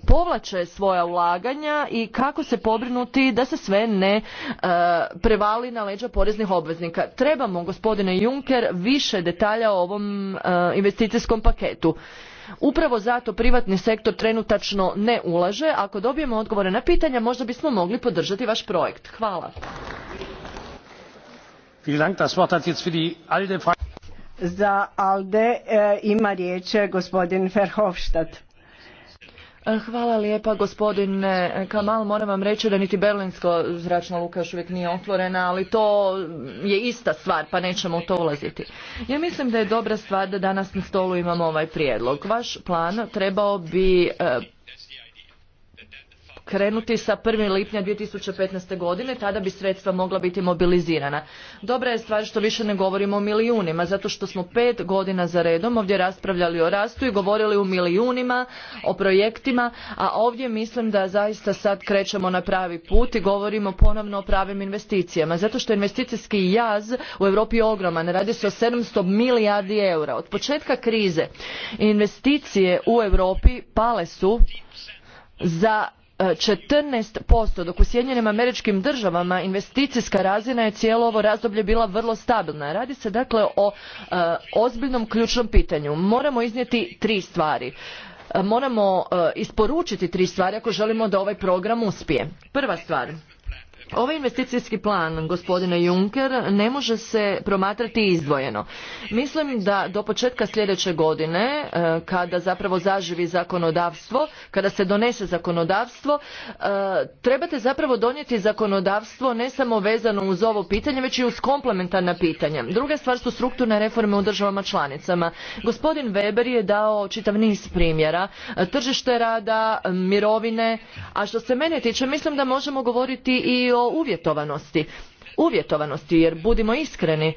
povlače svoja ulaganja i kako se pobrinuti da se sve ne e, prevali na leđa poreznih obveznika. Trebamo, gospodine Juncker, više detalja o ovom investicijskom paketu. Upravo zato privatni sektor trenutačno ne ulaže. Ako dobijemo odgovore na pitanja, možda bismo mogli podržati vaš projekt. Hvala. Za ALDE e, ima riječ gospodin Verhofstadt. Hvala lijepa gospodine Kamal. Moram vam reći da niti berlinsko zračna luka još uvijek nije otvorena, ali to je ista stvar pa nećemo u to ulaziti. Ja mislim da je dobra stvar da danas na stolu imamo ovaj prijedlog. Vaš plan trebao bi e, krenuti sa 1. lipnja 2015. godine, tada bi sredstva mogla biti mobilizirana. Dobra je stvar što više ne govorimo o milijunima, zato što smo pet godina za redom ovdje raspravljali o rastu i govorili o milijunima, o projektima, a ovdje mislim da zaista sad krećemo na pravi put i govorimo ponovno o pravim investicijama, zato što investicijski jaz u Europi je ogroman, radi se o 700 milijardi eura. Od početka krize investicije u Europi pale su za 14%, dok u Sjedinjenim američkim državama investicijska razina je cijelo ovo razdoblje bila vrlo stabilna. Radi se dakle o e, ozbiljnom ključnom pitanju. Moramo iznijeti tri stvari e, moramo e, isporučiti tri stvari ako želimo da ovaj program uspije. Prva stvar, Ovaj investicijski plan gospodine Juncker ne može se promatrati izdvojeno. Mislim da do početka sljedeće godine e, kada zapravo zaživi zakonodavstvo, kada se donese zakonodavstvo, e, trebate zapravo donijeti zakonodavstvo ne samo vezano uz ovo pitanje, već i uz komplementarna pitanja. Druga stvar su strukturne reforme u državama članicama. Gospodin Weber je dao čitav niz primjera. E, tržište rada, mirovine, a što se mene tiče mislim da možemo govoriti i o uvjetovanosti uvjetovanosti jer budimo iskreni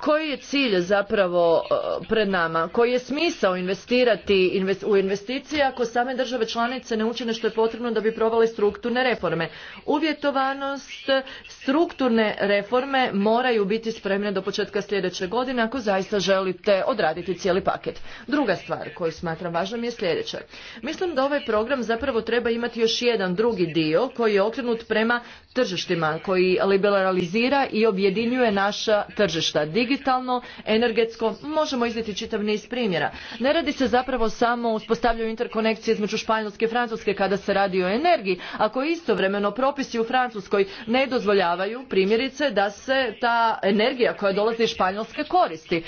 koji je cilj zapravo e, pred nama? Koji je smisao investirati u investicije ako same države članice ne učine što je potrebno da bi provale strukturne reforme? Uvjetovanost strukturne reforme moraju biti spremne do početka sljedeće godine ako zaista želite odraditi cijeli paket. Druga stvar koju smatram važnom je sljedeća. Mislim da ovaj program zapravo treba imati još jedan drugi dio koji je okrenut prema tržištima, koji liberalizira i objedinjuje naša tržišta digitalno, energetsko, možemo iznijeti čitav niz primjera. Ne radi se zapravo samo o uspostavljanju interkonekcije između Španjolske i Francuske kada se radi o energiji, ako istovremeno propisi u Francuskoj ne dozvoljavaju primjerice da se ta energija koja dolazi iz Španjolske koristi. E,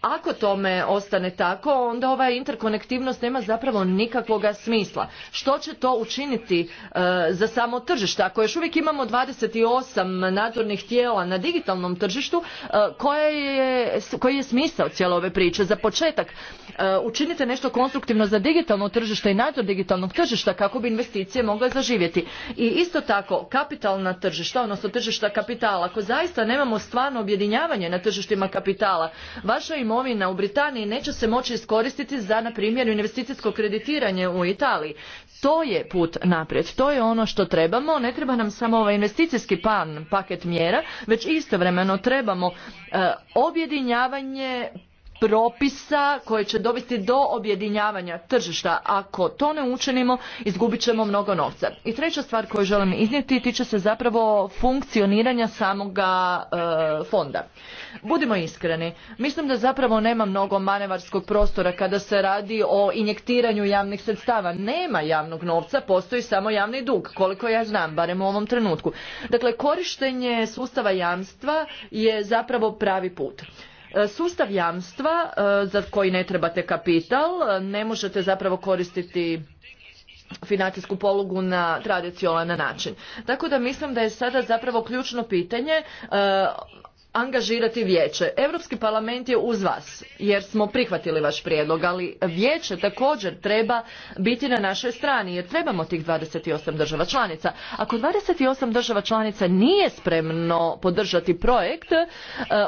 ako tome ostane tako, onda ova interkonektivnost nema zapravo nikakvoga smisla. Što će to učiniti e, za samo tržište? Ako još uvijek imamo 28 nadzornih tijela na digitalnom tržištu, ko e, koji je smisao cijele ove priče. Za početak, e, učinite nešto konstruktivno za digitalno tržište i nadzor digitalnog tržišta kako bi investicije mogle zaživjeti. I isto tako, kapitalna tržišta, odnosno tržišta kapitala, ako zaista nemamo stvarno objedinjavanje na tržištima kapitala, vaša imovina u Britaniji neće se moći iskoristiti za, na primjer, investicijsko kreditiranje u Italiji. To je put naprijed, to je ono što trebamo, ne treba nam samo ovaj investicijski plan, paket mjera, već istovremeno trebamo e, objedinjavanje propisa koje će dovesti do objedinjavanja tržišta. Ako to ne učinimo, izgubit ćemo mnogo novca. I treća stvar koju želim iznijeti tiče se zapravo funkcioniranja samoga e, fonda. Budimo iskreni, mislim da zapravo nema mnogo manevarskog prostora kada se radi o injektiranju javnih sredstava. Nema javnog novca, postoji samo javni dug, koliko ja znam, barem u ovom trenutku. Dakle, korištenje sustava jamstva je zapravo pravi put. E, sustav jamstva e, za koji ne trebate kapital, e, ne možete zapravo koristiti financijsku polugu na tradicionalan način. Tako da mislim da je sada zapravo ključno pitanje angažirati vijeće. Europski parlament je uz vas jer smo prihvatili vaš prijedlog, ali vijeće također treba biti na našoj strani jer trebamo tih 28 država članica. Ako 28 država članica nije spremno podržati projekt, e,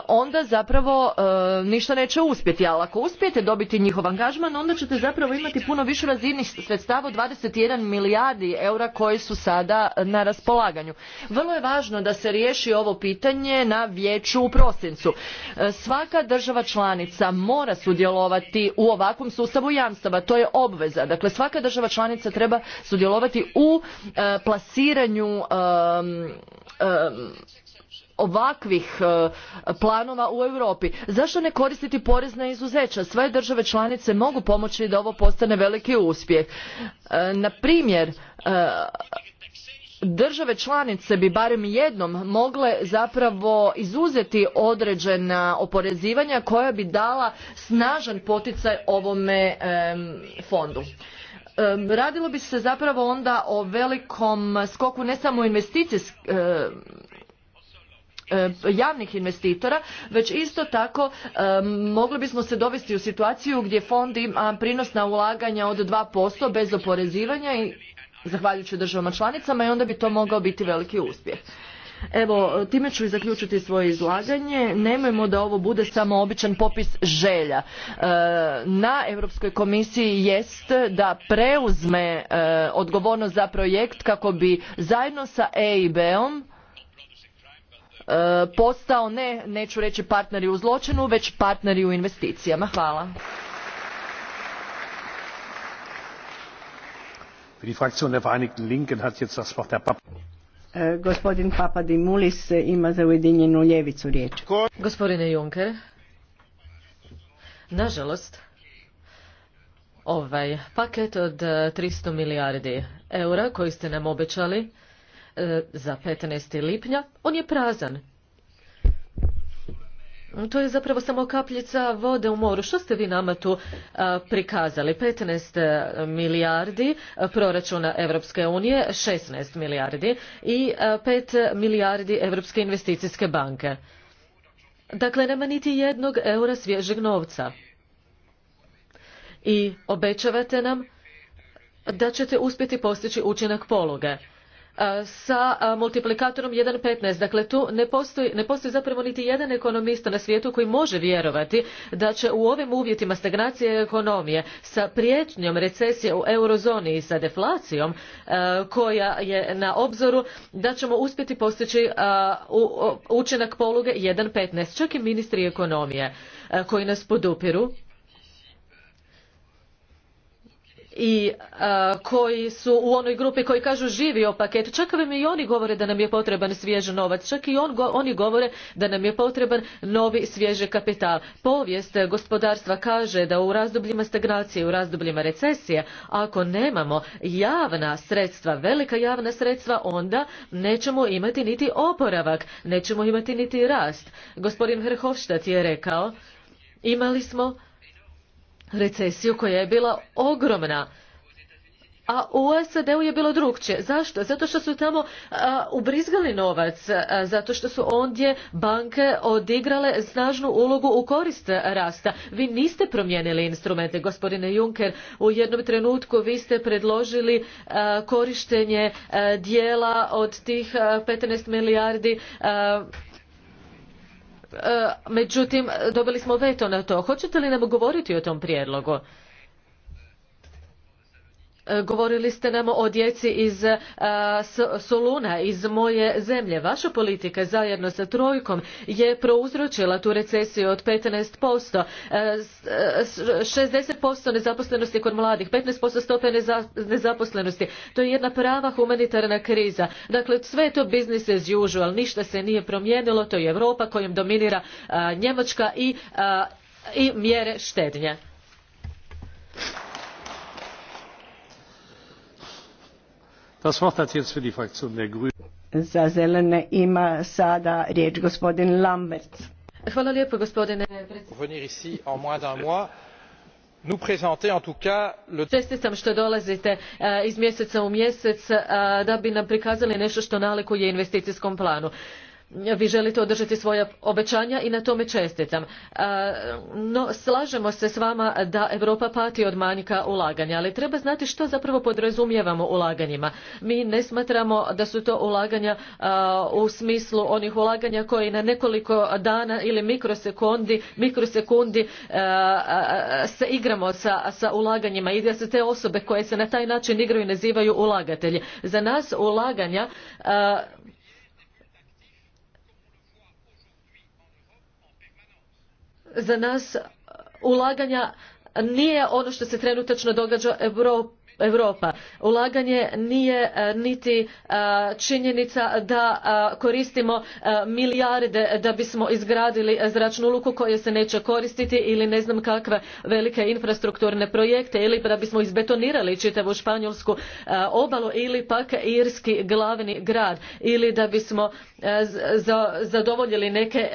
onda zapravo e, ništa neće uspjeti, ali ako uspijete dobiti njihov angažman, onda ćete zapravo imati puno više razini sredstava od 21 milijardi eura koji su sada na raspolaganju. Vrlo je važno da se riješi ovo pitanje na vijeću u prosincu. E, svaka država članica mora sudjelovati u ovakvom sustavu jamstava, to je obveza. Dakle, svaka država članica treba sudjelovati u e, plasiranju ovakvih e, planova u Europi. Zašto ne koristiti porezna izuzeća? Sve države članice mogu pomoći da ovo postane veliki uspjeh. Na primjer, države članice bi barem jednom mogle zapravo izuzeti određena oporezivanja koja bi dala snažan poticaj ovome fondu radilo bi se zapravo onda o velikom skoku ne samo investicijskih javnih investitora, već isto tako mogli bismo se dovesti u situaciju gdje fond ima prinosna ulaganja od 2% bez oporezivanja i zahvaljujući državama članicama i onda bi to mogao biti veliki uspjeh. Evo, time ću i zaključiti svoje izlaganje. Nemojmo da ovo bude samo običan popis želja. E, na Europskoj komisiji jest da preuzme e, odgovornost za projekt kako bi zajedno sa EIB-om e, postao ne, neću reći partneri u zločinu, već partneri u investicijama. Hvala. E, gospodin Papadimulis ima za Ujedinjenu ljevicu riječ. Gospodine Juncker, nažalost, ovaj paket od 300 milijardi eura koji ste nam obećali e, za 15. lipnja, on je prazan to je zapravo samo kapljica vode u moru. Što ste vi nama tu prikazali? 15 e, milijardi e, proračuna Europske unije, 16 milijardi i 5 e, milijardi Europske investicijske banke. Dakle, nema niti jednog eura svježeg novca. I obećavate nam da ćete uspjeti postići učinak pologe. E, sa e, multiplikatorom 1.15. Dakle, tu ne postoji, zapravo niti jedan ekonomista na svijetu koji može vjerovati da će u ovim uvjetima stagnacije ekonomije sa prijetnjom recesije u eurozoni i sa deflacijom e, koja je na obzoru da ćemo uspjeti postići učinak poluge 1.15. Čak i ministri ekonomije koji nas podupiru i koji su u onoj grupi koji kažu živi o paketu čak vam i oni govore da nam je potreban svježi novac čak i on, oni govore da nam je potreban novi svježi kapital povijest gospodarstva kaže da u razdobljima stagnacije u razdobljima recesije ako nemamo javna sredstva velika javna sredstva onda nećemo imati niti oporavak nećemo imati niti rast gospodin Hrhovštat je rekao imali smo recesiju koja je bila ogromna. A u SAD-u je bilo drugčije. Zašto? Zato što su tamo ubrizgali novac, zato što su ondje banke odigrale snažnu ulogu u korist rasta. Vi niste promijenili instrumente, gospodine Juncker. U jednom trenutku vi ste predložili korištenje dijela od tih 15 milijardi E, međutim dobili smo veto na to. Hoćete li nam govoriti o tom prijedlogu? E, govorili ste nam o djeci iz e, Soluna, iz moje zemlje. Vaša politika zajedno sa trojkom je prouzročila tu recesiju od 15%, 60% e, nezaposlenosti kod mladih, 15% stope nezaposlenosti. To je jedna prava humanitarna kriza. Dakle, sve je to business as usual, ništa se nije promijenilo, to je Europa kojom dominira Njemačka i, i mjere štednje. Za zelene ima sada riječ gospodin Lambert. Hvala lijepo gospodine predsjedniče. Čestitam što dolazite eh, iz mjeseca u mjesec eh, da bi nam prikazali nešto što nalikuje investicijskom planu vi želite održati svoja obećanja i na tome čestitam. No, slažemo se s vama da Europa pati od manjka ulaganja, ali treba znati što zapravo podrazumijevamo ulaganjima. Mi ne smatramo da su to ulaganja u smislu onih ulaganja koji na nekoliko dana ili mikrosekundi, mikrosekundi se igramo sa, sa ulaganjima i da se te osobe koje se na taj način igraju nazivaju ulagatelji. Za nas ulaganja za nas ulaganja nije ono što se trenutačno događa u Europi Europa. Ulaganje nije e, niti e, činjenica da e, koristimo milijarde da bismo izgradili zračnu luku koja se neće koristiti ili ne znam kakve velike infrastrukturne projekte ili da bismo izbetonirali čitavu španjolsku obalu ili pak irski glavni grad ili da bismo zadovoljili neke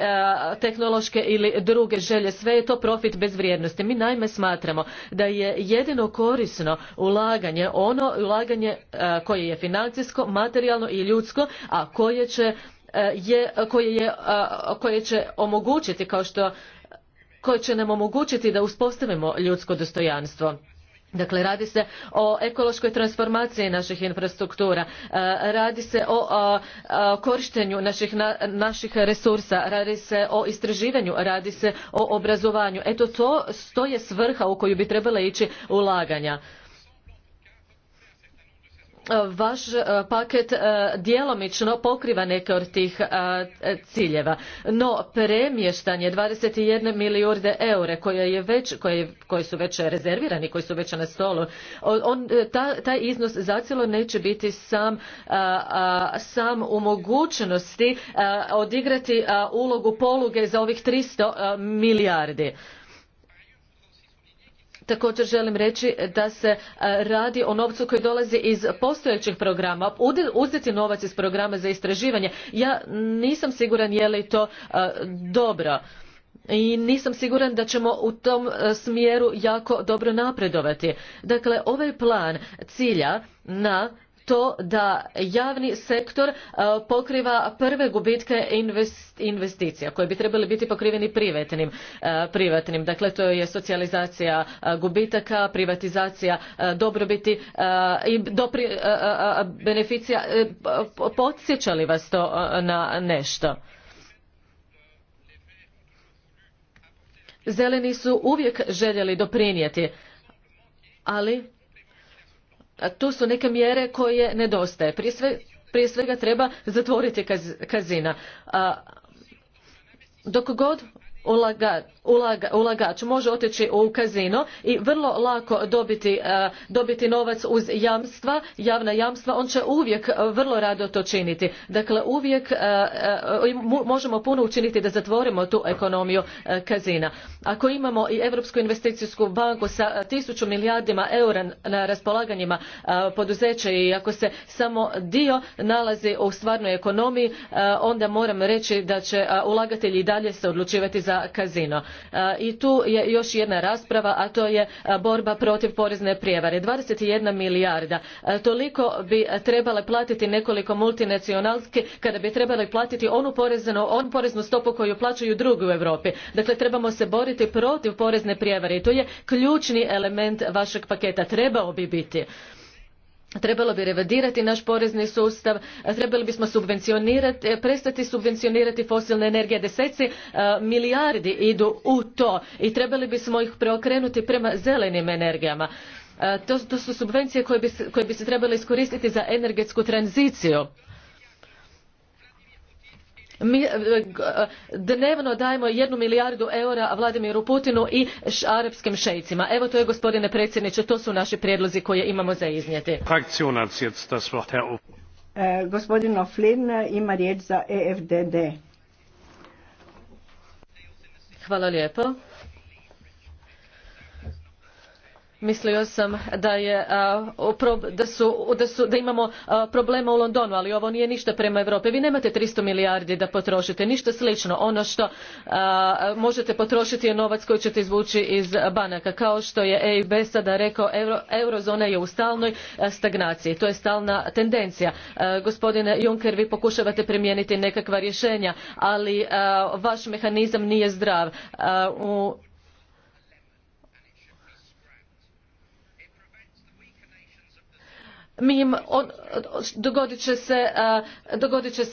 tehnološke ili druge želje. Sve je to profit bez vrijednosti. Mi naime smatramo da je jedino korisno ulaganje ulaganje, ono ulaganje e, koje je financijsko, materijalno i ljudsko, a koje će, e, je, e, koje će omogućiti kao što koje će nam omogućiti da uspostavimo ljudsko dostojanstvo. Dakle, radi se o ekološkoj transformaciji naših infrastruktura, radi se o korištenju naših, naših resursa, radi se o istraživanju, radi se o obrazovanju. Eto, to, to je svrha u koju bi trebala ići ulaganja vaš e, paket e, djelomično pokriva neke od tih e, ciljeva no premještanje dvadeset jedan milijarde eura koje, je već, su već rezervirani koji su već na stolu on, taj iznos zacijelo neće biti sam, sam u mogućnosti odigrati ulogu poluge za ovih tristo milijardi također želim reći da se e, radi o novcu koji dolazi iz postojećih programa uzeti novac iz programa za istraživanje ja nisam siguran je li to e, dobro i nisam siguran da ćemo u tom e, smjeru jako dobro napredovati. Dakle, ovaj plan cilja na to da javni sektor e, pokriva prve gubitke investicija koje bi trebali biti pokriveni privatnim. E, dakle, to je socijalizacija e, gubitaka, privatizacija dobrobiti i beneficija. Podsjeća li vas to na nešto? Zeleni su uvijek željeli doprinijeti, ali tu su neke mjere koje nedostaje. Prije, svega treba zatvoriti kazina. dok god ulagač može otići u kazino i vrlo lako dobiti, e, dobiti novac uz jamstva, javna jamstva, on će uvijek vrlo rado to činiti. Dakle, uvijek e, e, možemo puno učiniti da zatvorimo tu ekonomiju kazina. Ako imamo i Europsku investicijsku banku sa tisuću milijardima eura na raspolaganjima poduzeća i ako se samo dio nalazi u stvarnoj ekonomiji, onda moram reći da će ulagatelji i dalje se odlučivati za kazino. E, I tu je još jedna rasprava, a to je e, borba protiv porezne prijevare. 21 milijarda. E, toliko bi trebale platiti nekoliko multinacionalski kada bi trebali platiti onu poreznu, poreznu stopu koju plaćaju drugi u Europi. Dakle, trebamo se boriti protiv porezne prijevare i to je ključni element vašeg paketa. Trebao bi biti trebalo bi revidirati naš porezni sustav trebali bismo subvencionirati eh, prestati subvencionirati fosilne energije deseci eh, milijardi idu u to i trebali bismo ih preokrenuti prema zelenim energijama eh, to, su subvencije koje bi, koje bi se trebale iskoristiti za energetsku tranziciju mi e, e, e, dnevno dajemo jednu milijardu eura Vladimiru Putinu i arapskim šejcima. Evo to je gospodine predsjedniče, to su naši prijedlozi koje imamo za iznijeti. gospodin riječ za EFDD. Hvala lijepo. mislio sam da, je, da, imamo problema u londonu ali ovo nije ništa prema europi vi nemate tristo milijardi da potrošite ništa slično ono što možete potrošiti je novac koji ćete izvući iz banaka kao što je eib sada rekao eurozona je u stalnoj stagnaciji to je stalna tendencija gospodine juncker vi pokušavate primijeniti nekakva rješenja ali vaš mehanizam nije zdrav u će se, dogodit se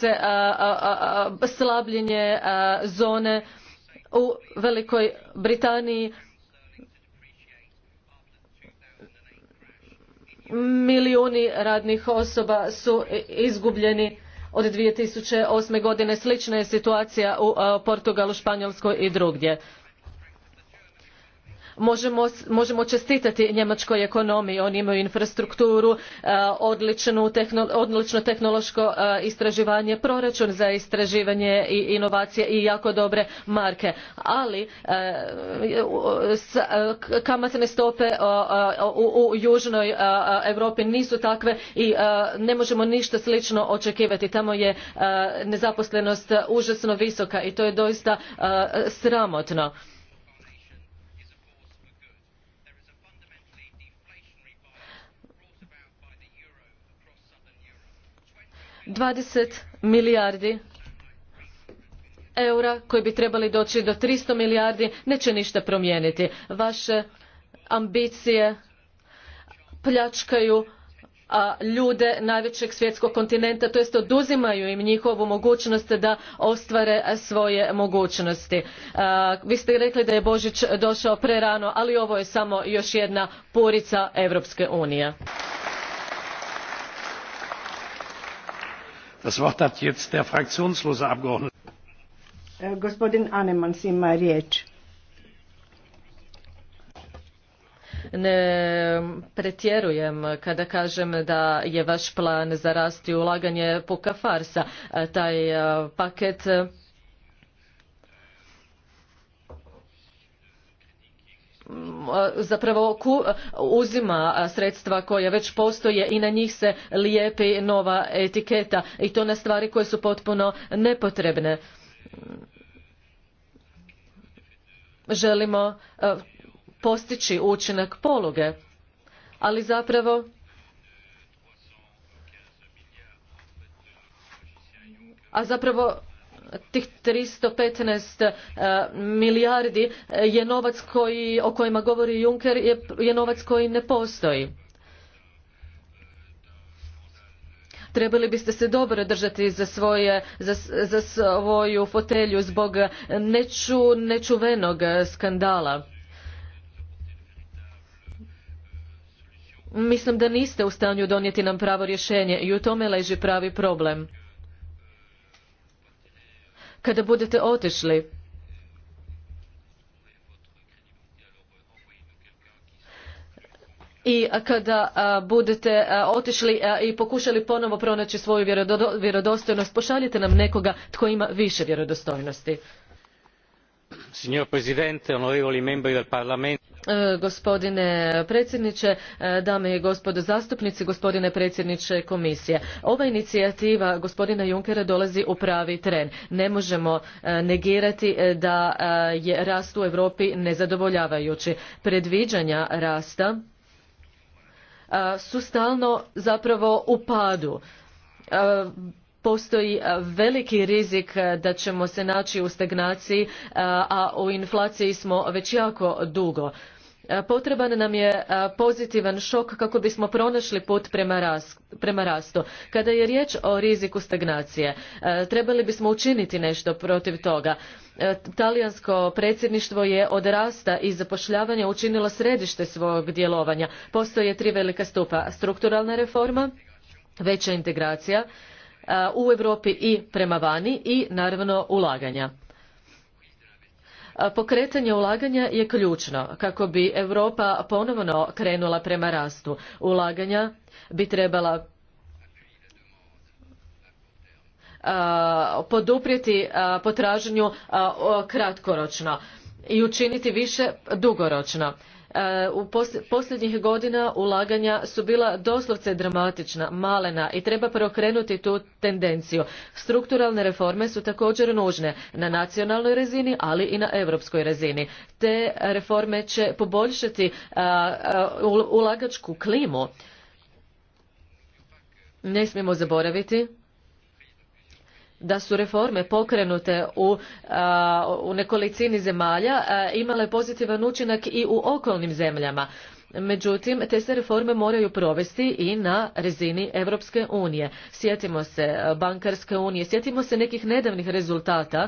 slabljenje zone u Velikoj Britaniji. Milijuni radnih osoba su izgubljeni od 2008. godine. Slična je situacija u Portugalu, Španjolskoj i drugdje možemo, čestitati njemačkoj ekonomiji oni imaju infrastrukturu e, odlično tehnološko e, istraživanje proračun za istraživanje i inovacije i jako dobre marke ali e, kamatne stope u južnoj europi nisu takve i ne možemo ništa slično očekivati tamo je nezaposlenost užasno visoka i to je doista sramotno 20 milijardi eura koji bi trebali doći do 300 milijardi neće ništa promijeniti. Vaše ambicije pljačkaju ljude najvećeg svjetskog kontinenta tojest oduzimaju im njihovu mogućnost da ostvare svoje mogućnosti. vi ste rekli da je božić došao prerano ali ovo je samo još jedna purica europske unije. Das Wort hat jetzt der fraktionslose Abgeordnete. E, gospodin Anemans ima riječ. ne pretjerujem kada kažem da je vaš plan za rast i ulaganje puka farsa. E, taj e, paket zapravo uzima sredstva koja već postoje i na njih se lijepi nova etiketa i to na stvari koje su potpuno nepotrebne. Želimo postići učinak poluge, ali zapravo a zapravo tih 315 e, milijardi e, je novac koji, o kojima govori Juncker je, novac koji ne postoji. trebali biste se dobro držati za, svoje, za, svoju fotelju zbog nečuvenog skandala. Mislim da niste u stanju donijeti nam pravo rješenje i u tome leži pravi problem kada budete otišli. i kada budete otišli i pokušali ponovo pronaći svoju vjerodostojnost pošaljite nam nekoga tko ima više vjerodostojnosti. E, gospodine predsjedniče e, dame i gospodo zastupnici gospodine predsjedniče komisije ova inicijativa gospodina junckera dolazi u pravi tren ne možemo e, negirati da je rast u europi nezadovoljavajući predviđanja rasta su stalno zapravo u padu postoji e, veliki rizik e, da ćemo se naći u stagnaciji, e, a u inflaciji smo već jako dugo. Potreban nam je pozitivan šok kako bismo pronašli put prema, rastu. Kada je riječ o riziku stagnacije, trebali bismo učiniti nešto protiv toga. Talijansko predsjedništvo je od rasta i zapošljavanja učinilo središte svog djelovanja. Postoje tri velika stupa. Strukturalna reforma, veća integracija u Europi i prema vani i naravno ulaganja. Pokretanje ulaganja je ključno kako bi Europa ponovno krenula prema rastu. Ulaganja bi trebala poduprijeti potražnju kratkoročno i učiniti više dugoročno. E, u posljednjih godina ulaganja su bila doslovce dramatična, malena i treba preokrenuti tu tendenciju. Strukturalne reforme su također nužne na nacionalnoj razini, ali i na europskoj razini. Te reforme će poboljšati e, e, ulagačku klimu. Ne smijemo zaboraviti da su reforme pokrenute u, nekolicini zemalja imale pozitivan učinak i u okolnim zemljama. Međutim, te se reforme moraju provesti i na rezini Europske unije. Sjetimo se bankarske unije, sjetimo se nekih nedavnih rezultata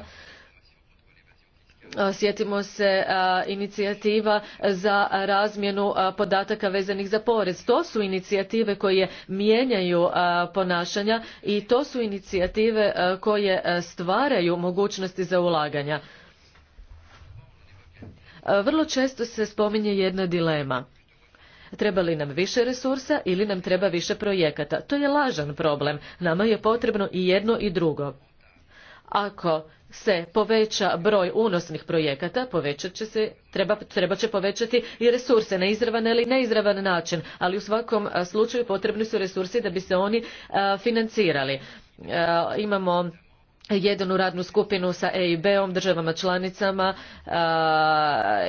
sjetimo se inicijativa za razmjenu podataka vezanih za porez to su inicijative koje mijenjaju ponašanja i to su inicijative koje stvaraju mogućnosti za ulaganja vrlo često se spominje jedna dilema treba li nam više resursa ili nam treba više projekata to je lažan problem nama je potrebno i jedno i drugo ako se poveća broj unosnih projekata, povećat će se, treba, će povećati i resurse na izravan ili neizravan način, ali u svakom slučaju potrebni su resursi da bi se oni financirali. imamo jednu radnu skupinu sa EIB-om, državama članicama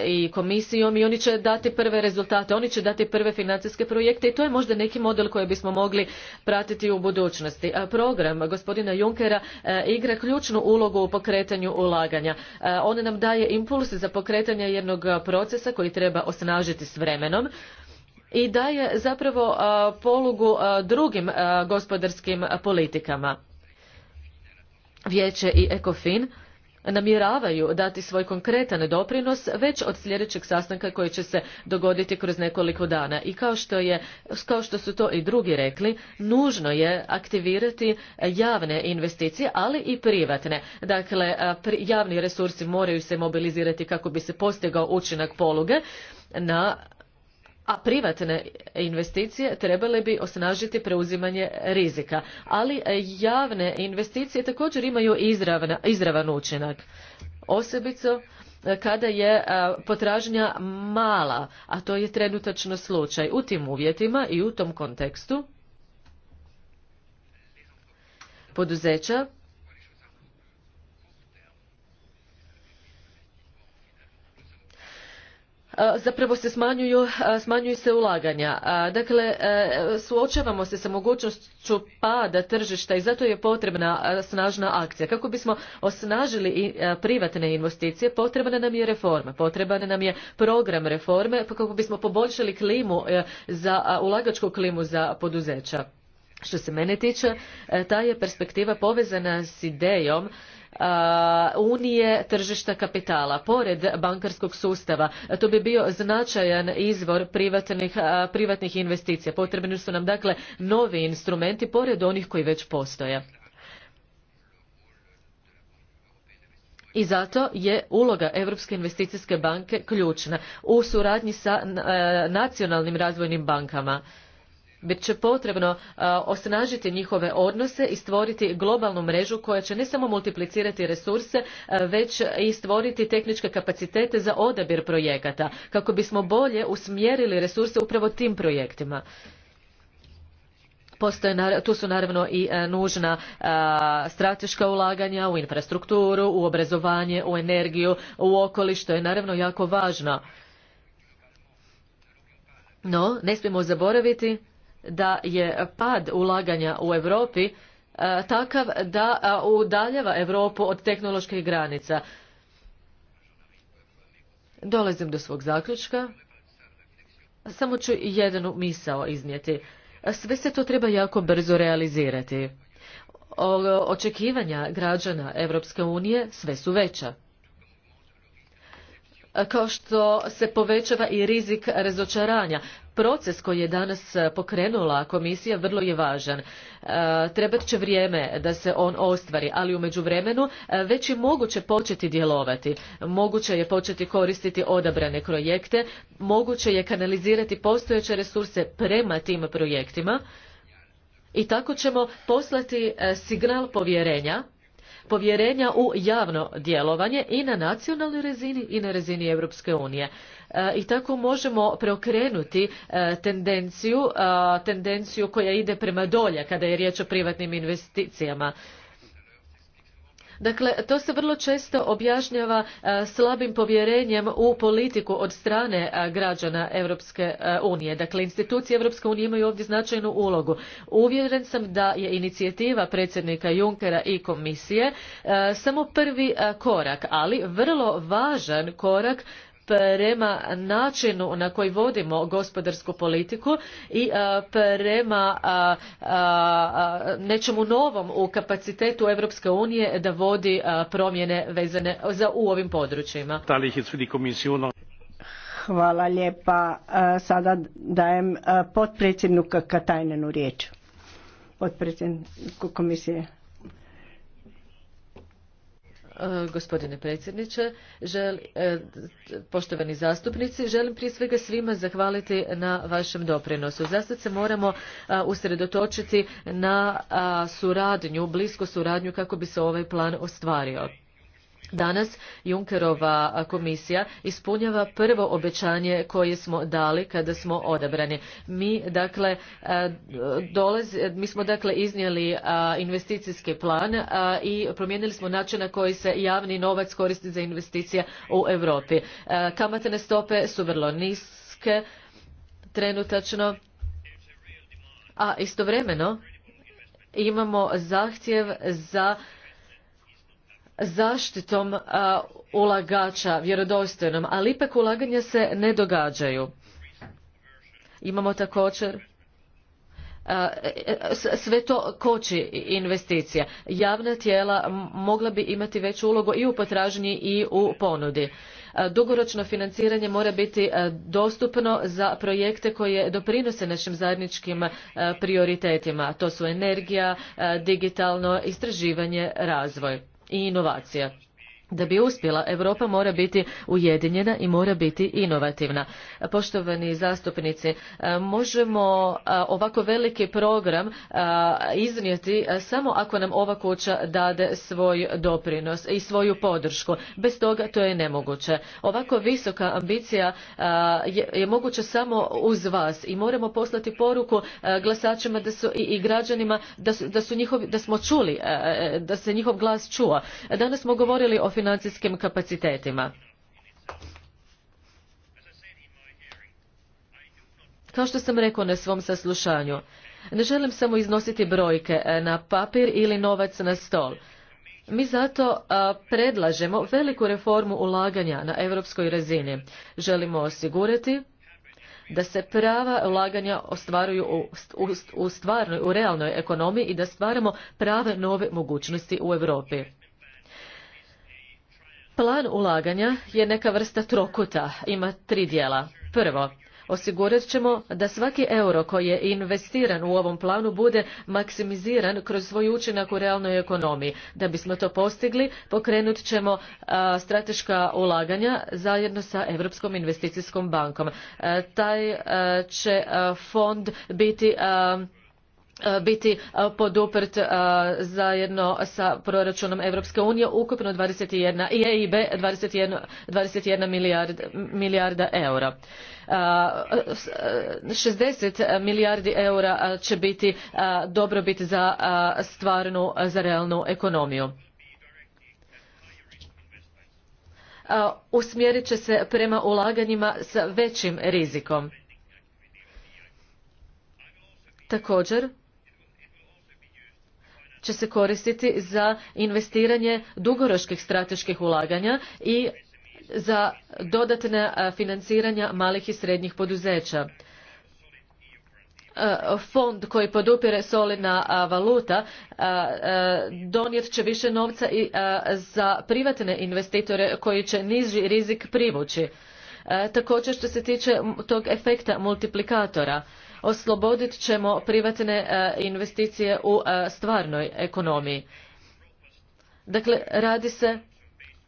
i komisijom i oni će dati prve rezultate, oni će dati prve financijske projekte i to je možda neki model koji bismo mogli pratiti u budućnosti. program gospodina Junckera igra ključnu ulogu u pokretanju ulaganja. On nam daje impuls za pokretanje jednog procesa koji treba osnažiti s vremenom i daje zapravo polugu drugim gospodarskim politikama vijeće i ECOFIN namjeravaju dati svoj konkretan doprinos već od sljedećeg sastanka koji će se dogoditi kroz nekoliko dana. I kao što, je, kao što su to i drugi rekli, nužno je aktivirati javne investicije, ali i privatne. Dakle, javni resursi moraju se mobilizirati kako bi se postigao učinak poluge na a privatne investicije trebale bi osnažiti preuzimanje rizika. Ali e, javne investicije također imaju izravan učinak. Osobico, e, kada je e, potražnja mala, a to je trenutačno slučaj. U tim uvjetima i u tom kontekstu poduzeća zapravo se smanjuju, smanjuju se ulaganja. Dakle, e, suočavamo se sa mogućnošću pada tržišta i zato je potrebna snažna akcija. Kako bismo osnažili privatne investicije, potrebna nam je reforma, potreban nam je program reforme pa kako bismo poboljšali klimu e, za ulagačku klimu za poduzeća. Što se mene tiče, e, ta je perspektiva povezana s idejom Uh, unije tržišta kapitala pored bankarskog sustava to bi bio značajan izvor uh, privatnih, investicija potrebni su nam dakle novi instrumenti pored onih koji već postoje i zato je uloga europske investicijske banke ključna u suradnji sa uh, nacionalnim razvojnim bankama bit će potrebno e, osnažiti njihove odnose i stvoriti globalnu mrežu koja će ne samo multiplicirati resurse e, već i stvoriti tehničke kapacitete za odabir projekata kako bismo bolje usmjerili resurse upravo tim projektima. tu su naravno i e, nužna strateška ulaganja u infrastrukturu, u obrazovanje, u energiju, u okoliš, što je naravno jako važno. No, ne smijemo zaboraviti da je pad ulaganja u Europi e, takav da udaljava Europu od tehnoloških granica. Dolazim do svog zaključka. Samo ću jednu misao iznijeti. Sve se to treba jako brzo realizirati. Očekivanja građana Europske unije sve su veća. E, kao što se povećava i rizik razočaranja. Proces koji je danas e, pokrenula komisija vrlo je važan. E, trebat će vrijeme da se on ostvari, ali u međuvremenu već je moguće početi djelovati. Moguće je početi koristiti odabrane projekte, moguće je kanalizirati postojeće resurse prema tim projektima i tako ćemo poslati signal povjerenja povjerenja u javno djelovanje i na nacionalnoj razini i na razini Europske unije. E, I tako možemo preokrenuti e, tendenciju, tendenciju koja ide prema dolje kada je riječ o privatnim investicijama. Dakle, to se vrlo često objašnjava e, slabim povjerenjem u politiku od strane e, građana Europske e, unije. Dakle, institucije Europske unije imaju ovdje značajnu ulogu. Uvjeren sam da je inicijativa predsjednika Junckera i komisije samo prvi korak, ali vrlo važan korak prema načinu na koji vodimo gospodarsku politiku i prema nečemu novom u kapacitetu Europske unije da vodi promjene vezane za u ovim područjima. Hvala lijepa. Sada dajem potpredsjedniku Katajnenu riječ. Potpredsjedniku komisije. E, gospodine predsjedniče, e, poštovani zastupnici. Želim prije svega svima zahvaliti na vašem doprinosu. Zasad se moramo usredotočiti na suradnju, blisku suradnju kako bi se ovaj plan ostvario. Danas Junkerova komisija ispunjava prvo obećanje koje smo dali kada smo odabrani. Mi dakle e, mi smo dakle iznijeli e, investicijski plan e, i promijenili smo način na koji se javni novac koristi za investicije u Europi. Kamatne stope su vrlo niske trenutačno, a istovremeno imamo zahtjev za zaštitom ulagača vjerodostojnom, ali ipak ulaganja se ne događaju. Imamo također sve to koči investicija. Javna tijela mogla bi imati veću ulogu i u potražnji i u ponudi. Dugoročno financiranje mora biti dostupno za projekte koje doprinose našim zajedničkim prioritetima. To su energija, digitalno istraživanje, razvoj i inovacija. Da bi uspjela, Europa mora biti ujedinjena i mora biti inovativna. Poštovani zastupnici, e, možemo e, ovako veliki program e, iznijeti samo ako nam ova kuća dade svoj doprinos i svoju podršku. Bez toga to je nemoguće. Ovako visoka ambicija je moguća samo uz vas i moramo poslati poruku glasačima da su, i građanima da, su, da, da smo čuli, da se njihov glas čuo. Danas smo govorili o financijskim kapacitetima. Kao što sam rekao na svom saslušanju, ne želim samo iznositi brojke e, na papir ili novac na stol. Mi zato predlažemo veliku reformu ulaganja na europskoj razini. Želimo osigurati da se prava ulaganja ostvaruju u, stvarnoj, u realnoj ekonomiji i da stvaramo prave nove mogućnosti u Europi. Plan ulaganja je neka vrsta trokuta, ima tri dijela. Prvo, osigurat ćemo da svaki euro koji je investiran u ovom planu bude maksimiziran kroz svoj učinak u realnoj ekonomiji. Da bismo to postigli, pokrenut ćemo strateška ulaganja zajedno sa Europskom investicijskom bankom. taj će fond biti E, biti e, poduprt e, zajedno sa proračunom Europske unije ukupno 21 i EIB 21, 21 milijarda eura. 60 milijardi eura će biti dobrobit za stvarnu, za realnu ekonomiju. Usmjerit će se prema ulaganjima sa većim rizikom. Također, će se koristiti za investiranje dugoroških strateških ulaganja i za dodatne financiranja malih i srednjih poduzeća e, fond koji podupire solidna valuta donijet će više novca i za privatne investitore koji će niži rizik privući. E, također što se tiče tog efekta multiplikatora, oslobodit ćemo privatne e, investicije u e, stvarnoj ekonomiji. Dakle, radi se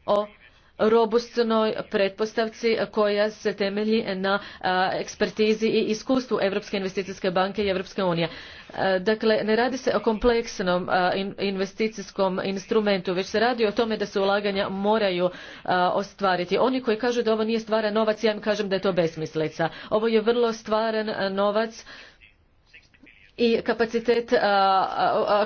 o robustnoj pretpostavci koja se temelji na ekspertizi i iskustvu Europske investicijske banke i Europske unije. Dakle, ne radi se o kompleksnom investicijskom instrumentu, već se radi o tome da se ulaganja moraju ostvariti. Oni koji kažu da ovo nije stvaran novac, ja im kažem da je to besmislica. Ovo je vrlo stvaran novac i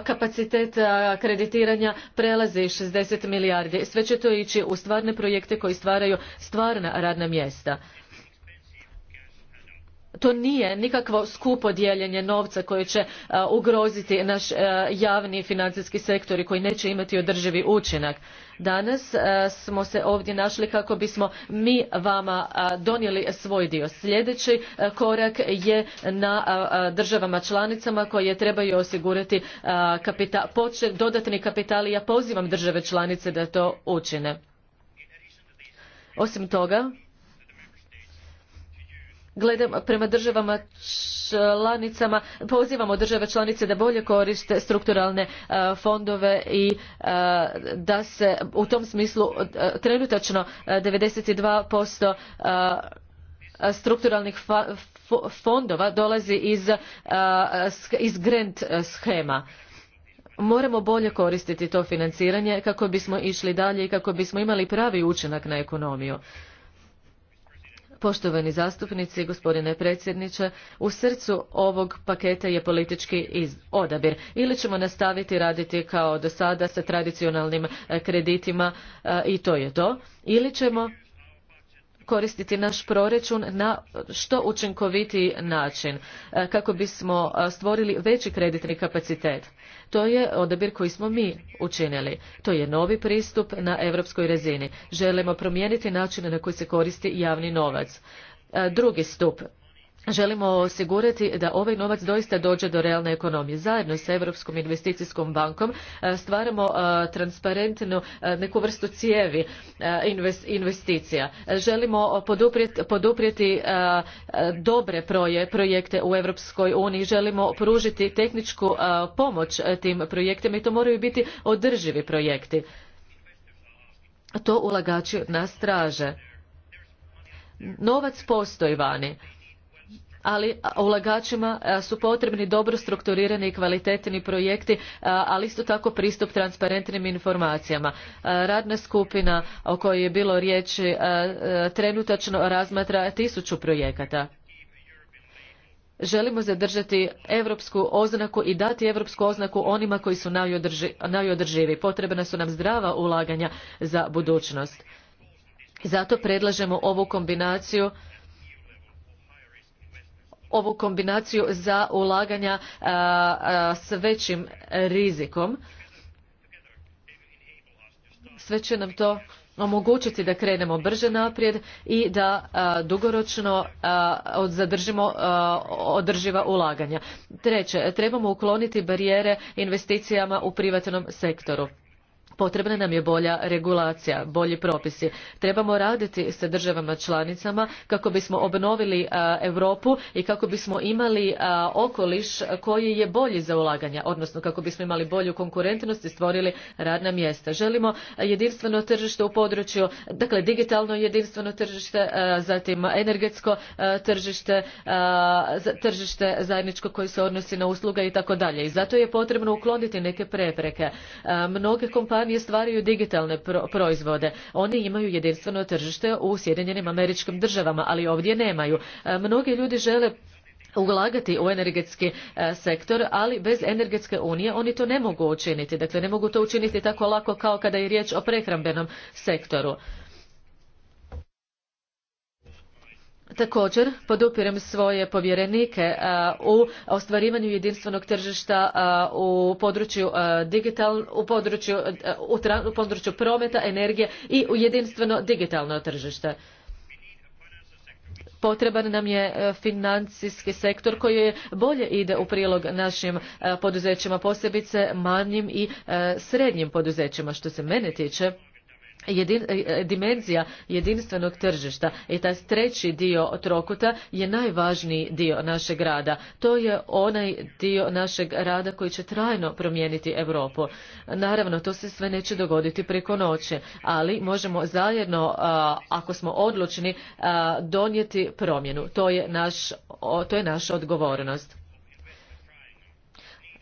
kapacitet, kreditiranja prelazi 60 milijardi. Sve će to ići u stvarne projekte koji stvaraju stvarna radna mjesta to nije nikakvo skupo dijeljenje novca koje će ugroziti naš javni financijski sektor i koji neće imati održivi učinak. Danas smo se ovdje našli kako bismo mi vama donijeli svoj dio. Sljedeći korak je na državama članicama koje trebaju osigurati dodatni kapital i ja pozivam države članice da to učine. Osim toga, Gledamo prema državama članicama pozivamo države članice da bolje koriste strukturalne e, fondove i e, da se u tom smislu e, trenutačno 92% strukturalnih fondova dolazi iz, iz grant schema. moramo bolje koristiti to financiranje kako bismo išli dalje i kako bismo imali pravi učinak na ekonomiju Poštovani zastupnici, gospodine predsjedniče, u srcu ovog paketa je politički odabir. Ili ćemo nastaviti raditi kao do sada sa tradicionalnim e, kreditima e, i to je to, ili ćemo koristiti naš proračun na što učinkovitiji način e, kako bismo stvorili veći kreditni kapacitet. To je odabir koji smo mi učinili. To je novi pristup na europskoj razini. Želimo promijeniti način na koji se koristi javni novac. E, drugi stup Želimo osigurati da ovaj novac doista dođe do realne ekonomije. Zajedno sa Europskom investicijskom bankom e, stvaramo e, transparentnu e, neku vrstu cijevi investicija. Želimo poduprijeti dobre projekte u Europskoj uniji. Želimo pružiti tehničku pomoć tim projektima i to moraju biti održivi projekti. To ulagači nas traže. Novac postoji vani ali ulagačima su potrebni dobro strukturirani i kvalitetni projekti, ali isto tako pristup transparentnim informacijama. Radna skupina o kojoj je bilo riječi trenutačno razmatra tisuću projekata želimo zadržati europsku oznaku i dati europsku oznaku onima koji su najodrživi potrebna su nam zdrava ulaganja za budućnost zato predlažemo ovu kombinaciju ovu kombinaciju za ulaganja s većim rizikom. Sve će nam to omogućiti da krenemo brže naprijed i da dugoročno zadržimo održiva ulaganja. Treće, trebamo ukloniti barijere investicijama u privatnom sektoru. Potrebna nam je bolja regulacija, bolji propisi. Trebamo raditi sa državama članicama kako bismo obnovili Europu i kako bismo imali okoliš koji je bolji za ulaganja, odnosno kako bismo imali bolju konkurentnost i stvorili radna mjesta. Želimo jedinstveno tržište u području, dakle digitalno jedinstveno tržište, zatim energetsko tržište, tržište zajedničko koje se odnosi na usluge i tako dalje. I zato je potrebno ukloniti neke prepreke. Mnoge kompanije kompanije stvaraju digitalne proizvode. Oni imaju jedinstveno tržište u Sjedinjenim američkim državama, ali ovdje nemaju. E, mnogi ljudi žele ulagati u energetski e, sektor, ali bez energetske unije oni to ne mogu učiniti. Dakle, ne mogu to učiniti tako lako kao kada je riječ o prehrambenom sektoru. Također podupirem svoje povjerenike e, u ostvarivanju jedinstvenog tržišta e, u području e, u u području prometa, energije i u jedinstveno digitalno tržište. Potreban nam je financijski sektor koji bolje ide u prilog našim poduzećima, posebice manjim i srednjim poduzećima. Što se mene tiče, E, e, dimenzija jedinstvenog tržišta i taj treći dio trokuta je najvažniji dio našeg rada. To je onaj dio našeg rada koji će trajno promijeniti Europu. Naravno, to se sve neće dogoditi preko noće, ali možemo zajedno, ako smo odlučni, donijeti promjenu. To je, naš, to je naša odgovornost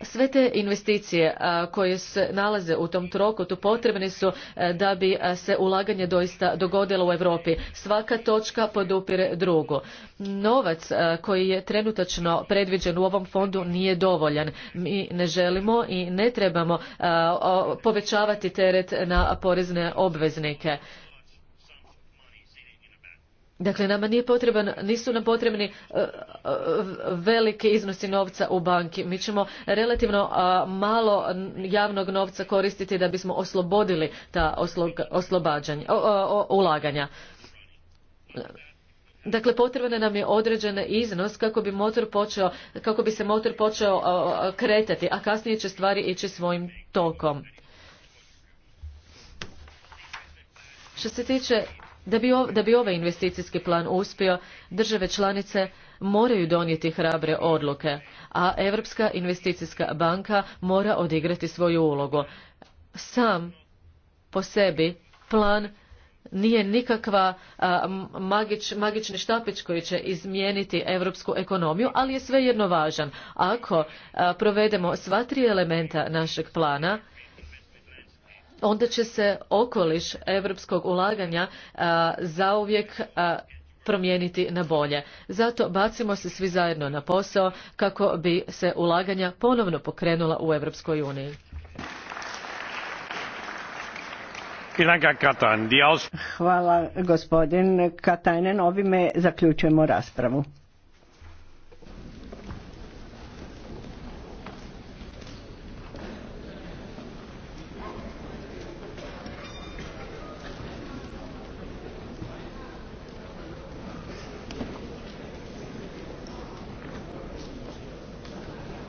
sve te investicije koje se nalaze u tom trokutu potrebne su da bi se ulaganje doista dogodilo u Europi. Svaka točka podupire drugu. Novac koji je trenutačno predviđen u ovom fondu nije dovoljan. Mi ne želimo i ne trebamo povećavati teret na porezne obveznike. Dakle, nama nije potreban, nisu nam potrebni e, e, veliki iznosi novca u banki. Mi ćemo relativno malo javnog novca koristiti da bismo oslobodili ta oslobađanja, ulaganja. Dakle, potreban nam je određen iznos kako bi, motor počeo, kako bi se motor počeo kretati, a kasnije će stvari ići svojim tokom. Što se tiče da bi, ovaj investicijski plan uspio, države članice moraju donijeti hrabre odluke, a Europska investicijska banka mora odigrati svoju ulogu. Sam po sebi plan nije nikakva magič, magični štapić koji će izmijeniti europsku ekonomiju, ali je svejedno važan. Ako provedemo sva tri elementa našeg plana, onda će se okoliš europskog ulaganja zauvijek promijeniti na bolje. Zato bacimo se svi zajedno na posao kako bi se ulaganja ponovno pokrenula u Europskoj uniji. Hvala gospodin Katajnen. Ovime zaključujemo raspravu.